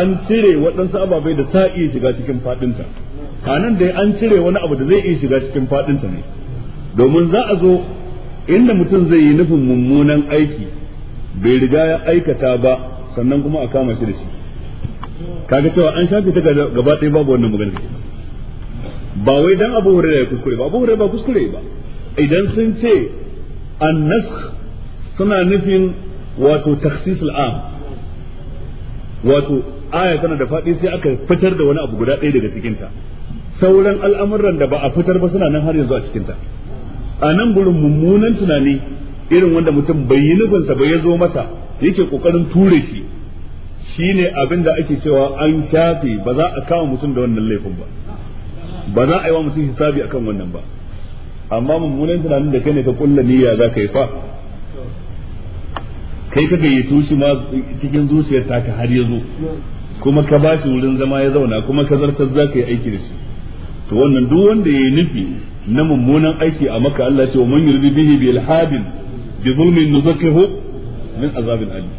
an cire waɗansu ababai da ta iya shiga cikin faɗinta a nan dai an cire wani abu da zai iya shiga cikin faɗinta ne domin za a zo inda mutum zai yi nufin mummunan aiki bai riga ya aikata ba sannan kuma a kama shi da shi kaga cewa an shafe ta gaba ɗaya babu wannan magana ba wai dan Abu Hurairah ya kuskure ba Abu Hurairah ba kuskure ba idan sun ce an suna nufin wato takhsis al'am wato aya tana da faɗi sai aka fitar da wani abu guda ɗaya daga cikin ta sauran al'amuran da ba a fitar ba suna nan har yanzu a cikin ta a nan gurin mummunan tunani irin wanda mutum bai yi nufinsa ba ya zo mata yake kokarin ture shi shine abin da ake cewa an shafe ba za a kama mutum da wannan laifin ba ba za a yi wa mutum hisabi akan wannan ba amma mummunan tunanin da kai ne ka kulla niyya za ka yi fa kai ka yi shi ma cikin zuciyar ta ka har ya zo kuma ka ba shi wurin zama ya zauna kuma ka zartar za ka yi aiki da shi to wannan duk wanda ya yi nufi na mummunan aiki a maka Allah ce wa man yuridu bihi bil habil bi zulmin nuzakkihu min azabin alim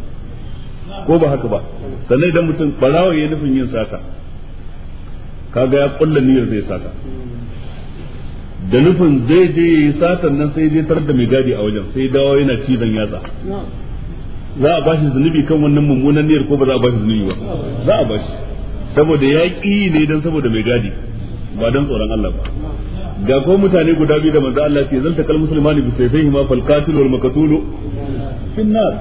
ko ba haka ba sannan idan mutum barawa ya nufin yin sata kaga ya kulla niyyar zai sata da nufin zai je yi satan nan sai je tar da mai gadi a wajen sai dawo yana zan yatsa za a bashi zunubi kan wannan mummunan niyyar ko ba za a bashi zunubi ba za a bashi saboda ya ƙi ne dan saboda mai gadi ba dan tsoron Allah ba ga ko mutane guda biyu da manzo Allah ce zalta kal muslimani bi sayfihi ma fal qatil wal maqtul fi nar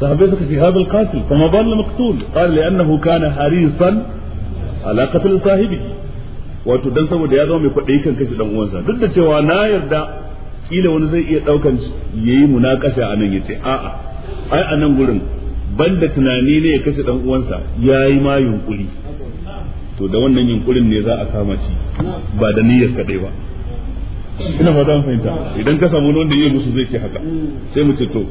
sahabbai suka ce hadal qatil fa ma bal maqtul qala li annahu kana harisan ala sahibi wato dan saboda ya zama mai kwaɗayi kan kashe dan uwansa duk da cewa na yarda kila wani zai iya daukan yayi munakasha ya yace a'a ai a nan gurin banda tunani ne ya kashe dan uwansa yayi ma yunkuri to da wannan yunkurin ne za a kama shi ba da niyyar kadai ba ina fata an fahimta idan ka samu wanda yayi musu zai ce haka sai mu ce to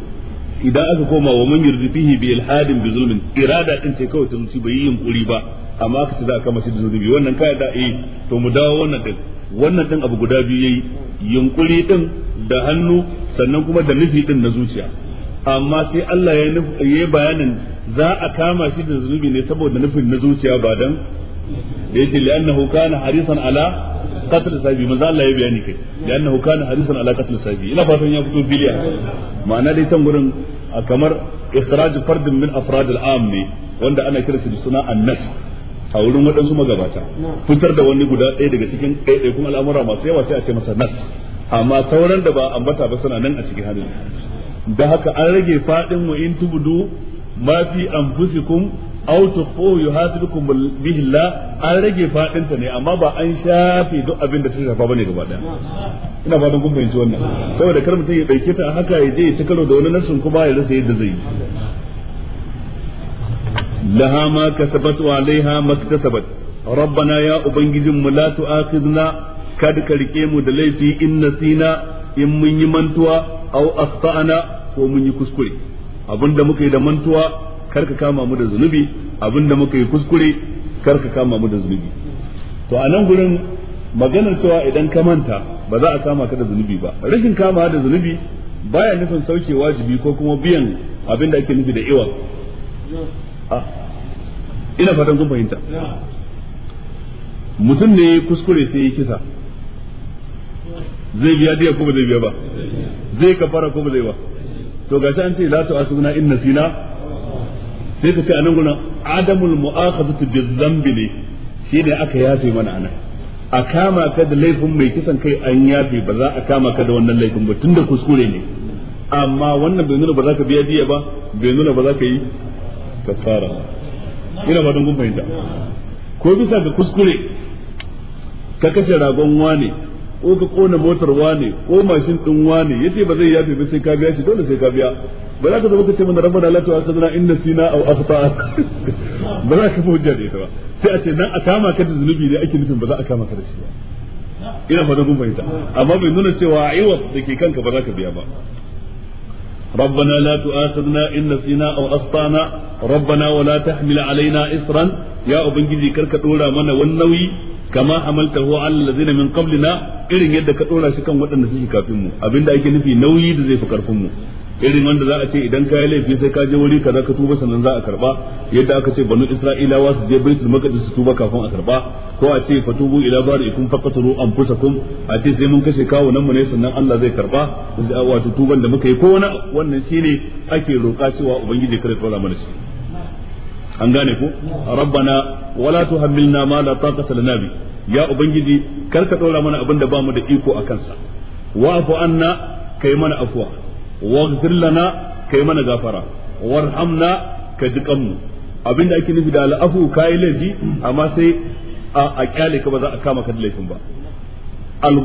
idan aka koma wa man yurdi fihi bi ilhadin bi zulmin irada din ce kawai ta zuci bai yi yunkuri ba amma ka ce za a kama shi da zunubi wannan ka da eh to mu dawo wannan din wannan din abu guda biyu yayi yunkuri din da hannu sannan kuma da nufi din na zuciya amma sai Allah ya yi bayanin za a kama shi da zunubi ne saboda nufin na zuciya ba dan da yake li'annahu kana harisan ala qatl sahibi manzo Allah ya bayani kai li'annahu kana harisan ala qatl sahibi ina fatan ya fito biliya ma'ana dai tan gurin kamar ikhraj fardin min afrad al ne wanda ana kiransa da suna an-nas a wurin waɗansu magabata fitar da wani guda ɗaya daga cikin ɗaiɗaikun al'amura masu yawa sai a ce masa nas amma sauran da ba ambata ba suna nan a cikin hannun da haka an rage faɗin wa in tubudu ma fi anfusikum aw tuqu yuhasibukum bihi bihila an rage faɗin ta ne amma ba an shafe duk abin da ta shafa bane gaba daya ina don kun fahimci wannan saboda kar mutum ya ɗauke ta haka ya je ya ci karo da wani nasin kuma ya rasa yadda zai yi lahama ma kasabat wa tasabat maktasabat rabbana ya ubangijin mu la tu'akhidna kada ka mu da laifi in nasina in mun yi mantuwa aw akhtana ko mun yi kuskure abinda muka yi mantuwa kar ka kama mu da zunubi abinda muka yi kuskure kar ka kama mu da zunubi to a nan gurin maganar cewa idan ka manta ba za a kama ka da zunubi ba rashin kama da zunubi baya nufin sauke wajibi ko kuma biyan abin da ake nufi da iwa ina fatan kun fahimta mutum ne kuskure sai ya kisa zai biya diya ko ba zai biya ba zai kafara ko ba zai ba to shi an ce la tu asuna inna sina sai ka ce anan gunan adamul mu'akhadatu bizambi ne shi ne aka yafe mana anan a kama ka da laifin mai kisan kai an yafe ba za a kama ka da wannan laifin ba tunda kuskure ne amma wannan bai nuna ba za ka biya diya ba bai nuna ba za ka yi kafara ina ba don kun fahimta ko bisa ga kuskure ka kashe ragon wane ko ka kona motar wane ko mashin din wane yace ba zai yafe ba sai ka biya shi dole sai ka biya ba za ka zama ka ce mana rabbana la tu'akhidna inna sina aw akhta'a ba za ka fuje da ita ba sai a ce nan a kama ka da zunubi ne ake nufin ba za a kama ka da shi ba ina fata kun fahimta amma bai nuna cewa aiwa da ke kanka ba za ka biya ba ربنا لا تؤاخذنا إن نسينا أو أخطأنا ربنا ولا تحمل علينا إصرا يا أبنجي كرك دولا من والنوي كما حملته على الذين من قبلنا إرن يدك دولا شكا وطن نسيش كافمو أبن دا يكي نفي نوي دزي فكرفمو irin wanda za a ce idan ka yi laifi sai ka je wuri ka za ka tuba sannan za a karba yadda aka ce banu isra'ilawa su je baitul maqdis su tuba kafin a karba ko a ce fatubu ila bari'ikum faqatru anfusakum a ce sai mun kashe nan mu ne sannan Allah zai karba wato tuban da muka yi ko wani wannan shine ake roƙa cewa ubangiji kare tsora mana shi an gane ko rabbana wala tuhammilna ma la taqata lana bi ya ubangiji kar ka dora mana abin da ba mu da iko akan sa wa'fu anna kai mana afwa waghfir lana kai mana gafara warhamna ka ji kanmu abinda ake nufi da al'afu kai laifi amma sai a kyale ka ba za a kama ka da laifin ba al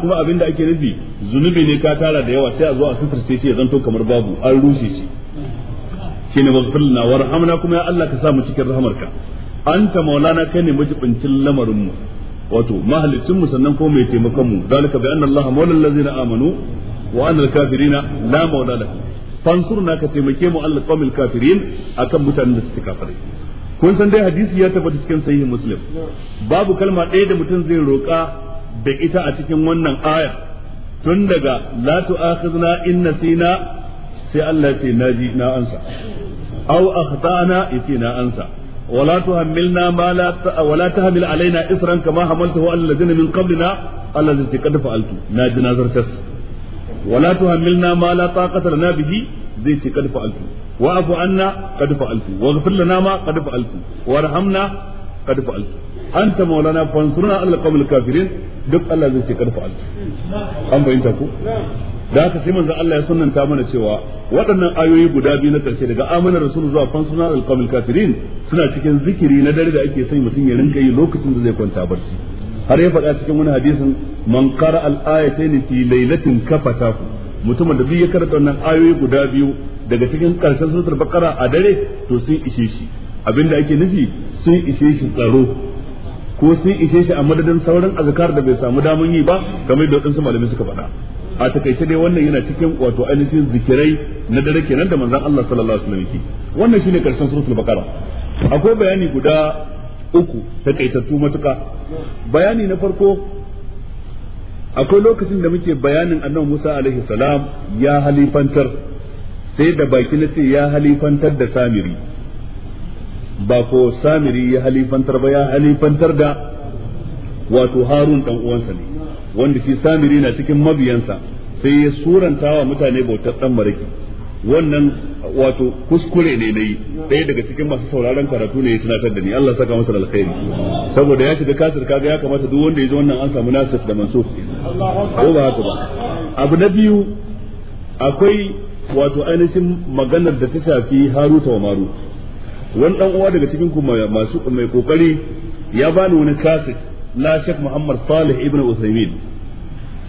kuma abin da ake nufi zunubi ne ka tara da yawa sai a zo a suturce shi ya zanto kamar babu an rushe shi shine waghfir lana warhamna kuma ya Allah ka sa mu cikin rahamarka anta maulana kai ne majibincin lamarin mu wato mahallicin mu sannan ko mai taimakon mu zalika bi anna allaha mawla allazina amanu wa anna al-kafirina la mawla lahum fansurna ka taimake mu al qawmil kafirin akan mutanen da suke kafirai kun san dai hadisi ya tabbata cikin sahihin muslim babu kalma ɗaya da mutum zai roƙa da ita a cikin wannan aya tun daga la tu'akhizna in nasina sai Allah ya ce naji na ansa aw akhtana yace na ansa ولا تحملنا ما لا ت... ولا تحمل علينا اسرا كما حملته على الذين من قبلنا الذي قد فعلت نا جنازر تس ولا تحملنا ما لا طاقة لنا به زي قد فعلت واعف عنا قد فعلت واغفر لنا ما قد فعلت وارحمنا قد فعلت أنت مولانا فانصرنا على القوم الكافرين دق الله زي قد فعلت أم فإنتكو da haka sai manzo Allah ya sunnanta mana cewa waɗannan ayoyi guda biyu na ƙarshe daga amanar rasul zuwa fansuna alqamil kafirin suna cikin zikiri na dare da ake san mutum ya rinka yi lokacin da zai kwanta barci har ya faɗa cikin wani hadisin man qara al ayatayn fi laylatin Kafataku mutumin da zai karanta wannan ayoyi guda biyu daga cikin ƙarshen suratul baqara a dare to sun ishe shi abinda ake nufi sun ishe shi tsaro ko sun ishe shi a madadin sauran azkar da bai samu damun yi ba kamar da waɗansu malamai suka faɗa a takaice dai wannan yana cikin wato ainihin zikirai na dare kenan da manzon Allah sallallahu alaihi wasallam wannan shine karshen suratul baqara akwai bayani guda uku takaitattu matuka bayani na farko akwai lokacin da muke bayanin annabi Musa alaihi salam ya halifantar sai da baki na ce ya halifantar da samiri ba ko samiri ya halifantar ba ya halifantar da wato harun dan uwansa ne wanda shi samiri na cikin mabiyansa sai ya suranta wa mutane bautar dan maraki wannan wato kuskure ne nayi ɗaya daga cikin masu sauraron karatu ne ya tunatar da ni Allah saka masa alkhairi saboda ya shiga kasir kaga ya kamata duk wanda ya ji wannan an samu nasir da mansuf ko ba haka ba abu na biyu akwai wato ainihin maganar da ta shafi haruta wa maru wani dan uwa daga cikin ku masu mai kokari ya bani wani kasir na Sheikh Muhammad Salih ibn Uthaymeen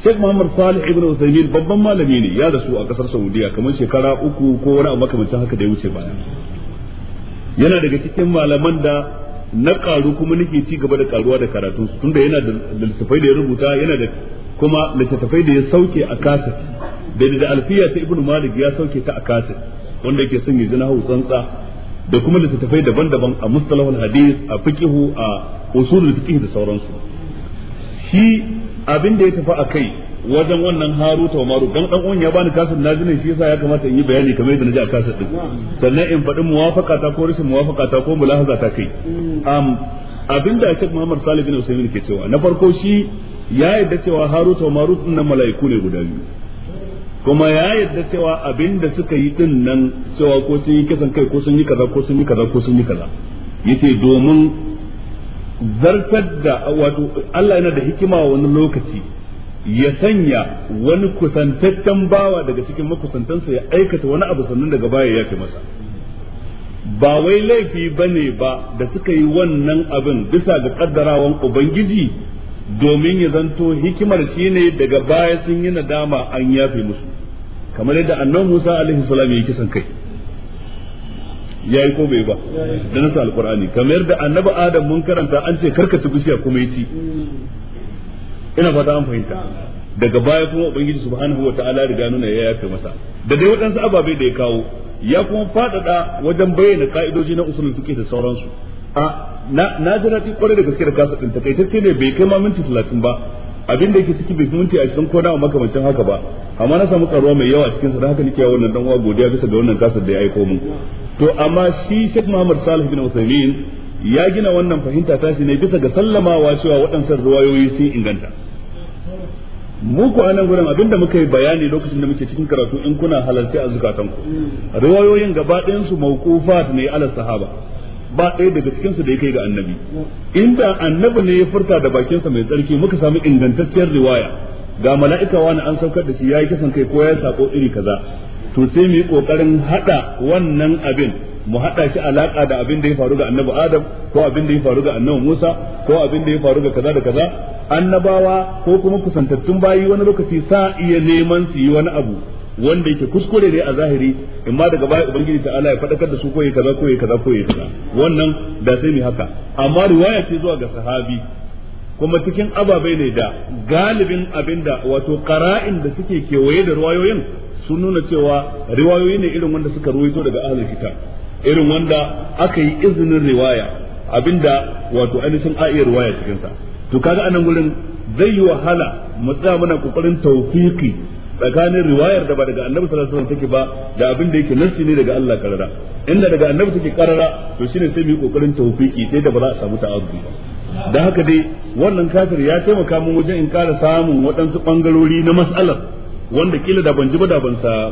Sheikh Muhammad Salih ibn Uthaymeen babban malami ne ya rasu a kasar Saudiya kamar shekara uku ko wani abu makamancin haka da ya wuce baya yana daga cikin malaman da na karu kuma nake ci gaba da karuwa da karatu tunda yana da littattafai da ya rubuta yana da kuma littattafai da ya sauke a kaset da da alfiya ta ibnu malik ya sauke ta a kaset wanda yake son ya ji tsantsa da kuma littattafai daban-daban a mustalahul hadith a fiqhu a usulul fiqh da sauransu shi abin da ya tafi kai wajen wannan haruta wa maru dan dan uwan ya bani kasar na jinin shi yasa ya kamata in yi bayani kamar yadda naji a kasar din sannan in faɗi muwafaka ta ko rashin muwafaka ta ko mulahaza ta kai abin da Sheikh Muhammad Salih bin Usaimin ke cewa na farko shi ya yadda cewa haruta wa maru din mala'iku ne guda biyu kuma ya yadda cewa abin da suka yi din nan cewa ko sun yi kisan kai ko sun yi kaza ko sun yi kaza ko sun yi kaza yace domin zartar da wato Allah yana da hikima a wani lokaci ya sanya wani kusantaccen bawa daga cikin makusantansa ya aikata wani abu sannan daga baya ya kai masa ba wai laifi ba ne ba da suka yi wannan abin bisa ga kaddarawan ubangiji domin ya zanto hikimar shine daga baya sun yi nadama an yafe musu kamar yadda annabi Musa alaihi salam yi kisan kai yayi ko bai ba da nasa alqur'ani kamar da annabi adam mun karanta an ce karka ta bishiya kuma yaci ina fata an fahimta daga baya kuma ubangiji subhanahu wataala riga nuna ya yafe masa da dai waɗansu ababe da ya kawo ya kuma faɗaɗa wajen bayyana ka'idoji na usulun fiqh da sauransu a na na ji daɗi kwarai da gaske da kasa ɗin takaitacce ne bai kai ma minti talatin ba abin da yake ciki bai minti ashirin ko nawa makamancin haka ba amma na samu karuwa mai yawa cikin sa da haka nake wannan dan uwa godiya bisa ga wannan kasar da ya mun to amma shi Sheikh Muhammad Salih bin Uthaymeen ya gina wannan fahimta tashi ne bisa ga sallamawa cewa waɗansan ruwayoyi sun inganta mu ku anan gurin abinda muka yi bayani lokacin da muke cikin karatu in kuna halarci a ku. riwayoyin gaba ɗayan su mawqufat ne ala sahaba ba ɗaya daga cikin su da yake ga annabi inda annabi ne ya furta da bakinsa mai tsarki muka samu ingantacciyar riwaya ga mala'ika wani an saukar da shi ya yi kisan kai ko ya sako iri kaza to sai mu yi kokarin hada wannan abin mu hada shi alaka da abin da ya faru ga annabi adam ko abin da ya faru ga annabi musa ko abin da ya faru ga kaza da kaza annabawa ko kuma kusantattun bayi wani lokaci sa iya neman su yi wani abu wanda yake kuskure ne a zahiri amma daga baya ubangiji ta Allah ya fadakar da su ko kaza ko kaza ko kaza wannan da sai mu haka amma riwaya ce zuwa ga sahabi kuma cikin ababai ne da galibin abinda wato qara'in da suke kewaye da riwayoyin sun nuna cewa riwayoyi ne irin wanda suka ruwaito daga ahlul kitab irin wanda aka yi izinin riwaya abinda wato ainihin a iya riwaya cikin sa to kaga anan gurin zai yi wahala mu tsaya muna kokarin tawfiqi tsakanin riwayar da ba daga annabi sallallahu alaihi wasallam ba da abin da yake nassi ne daga Allah karara inda daga annabi take karara to shine sai mu yi kokarin tawfiqi sai da ba za a samu ta'arudi ba Da haka dai wannan kafir ya taimaka mun wajen in kara samun waɗansu ɓangarori na matsalar wanda kila da ban ji ba da ban sa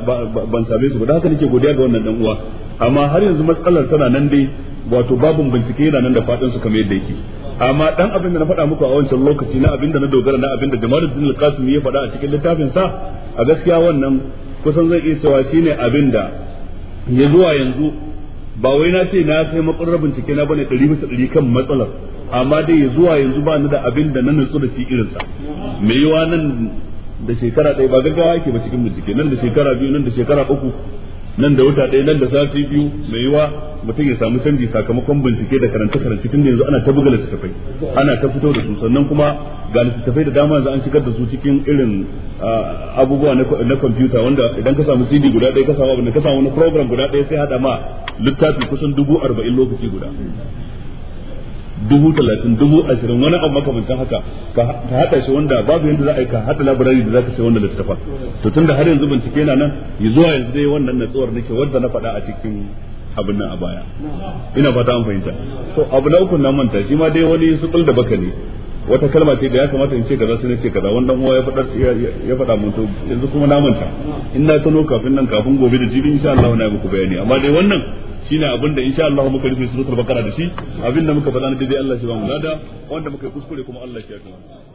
same su ba haka nake godiya ga wannan dan uwa amma har yanzu matsalar tana nan dai wato babun bincike yana nan da faɗin su kamar yadda yake amma dan abin da na faɗa muku a wancan lokaci na abin da na dogara na abin da Din Al-Qasimi ya faɗa a cikin littafin sa a gaskiya wannan kusan zai iya cewa shine abin da ya zuwa yanzu ba wai na ce na kai makarrabin cike na bane 100 100 kan matsalar amma dai zuwa yanzu ba ni da abin da na nutsu da shi irinsa mai yiwa nan da shekara ɗaya ba gaggawa ake ba cikin bincike nan da shekara biyu nan da shekara uku nan da wata ɗaya nan da sati biyu mai yiwa mutum ya samu canji sakamakon bincike da karanta karanta tun da yanzu ana ta buga littattafai ana ta fito da su sannan kuma ga littattafai da dama yanzu an shigar da su cikin irin abubuwa na kwamfuta wanda idan ka samu cd guda ɗaya ka samu abin ka samu wani program guda ɗaya sai haɗa ma littafi kusan dubu arba'in lokaci guda dubu talatin dubu ashirin wani abu makamancin haka ka haɗa shi wanda babu yadda za a yi ka haɗa labarai da za ka sai wanda tafa. to tunda har yanzu bincike na nan zuwa yanzu dai wannan natsuwar nake wadda na faɗa a cikin abin nan a baya ina fata an fahimta to abu na uku na manta shi ma dai wani sukul da baka ne wata kalma ce da ya kamata in ce kaza sai ce kaza wannan uwa ya faɗa ya faɗa mun to yanzu kuma na manta in na tano kafin nan kafin gobe da jibi insha Allah na muku bayani amma dai wannan shine abin da insha Allah muka rufe suratul bakara da shi abin da muka faɗa na dai Allah shi ba mu lada wanda muka kuskure kuma Allah shi ya kalla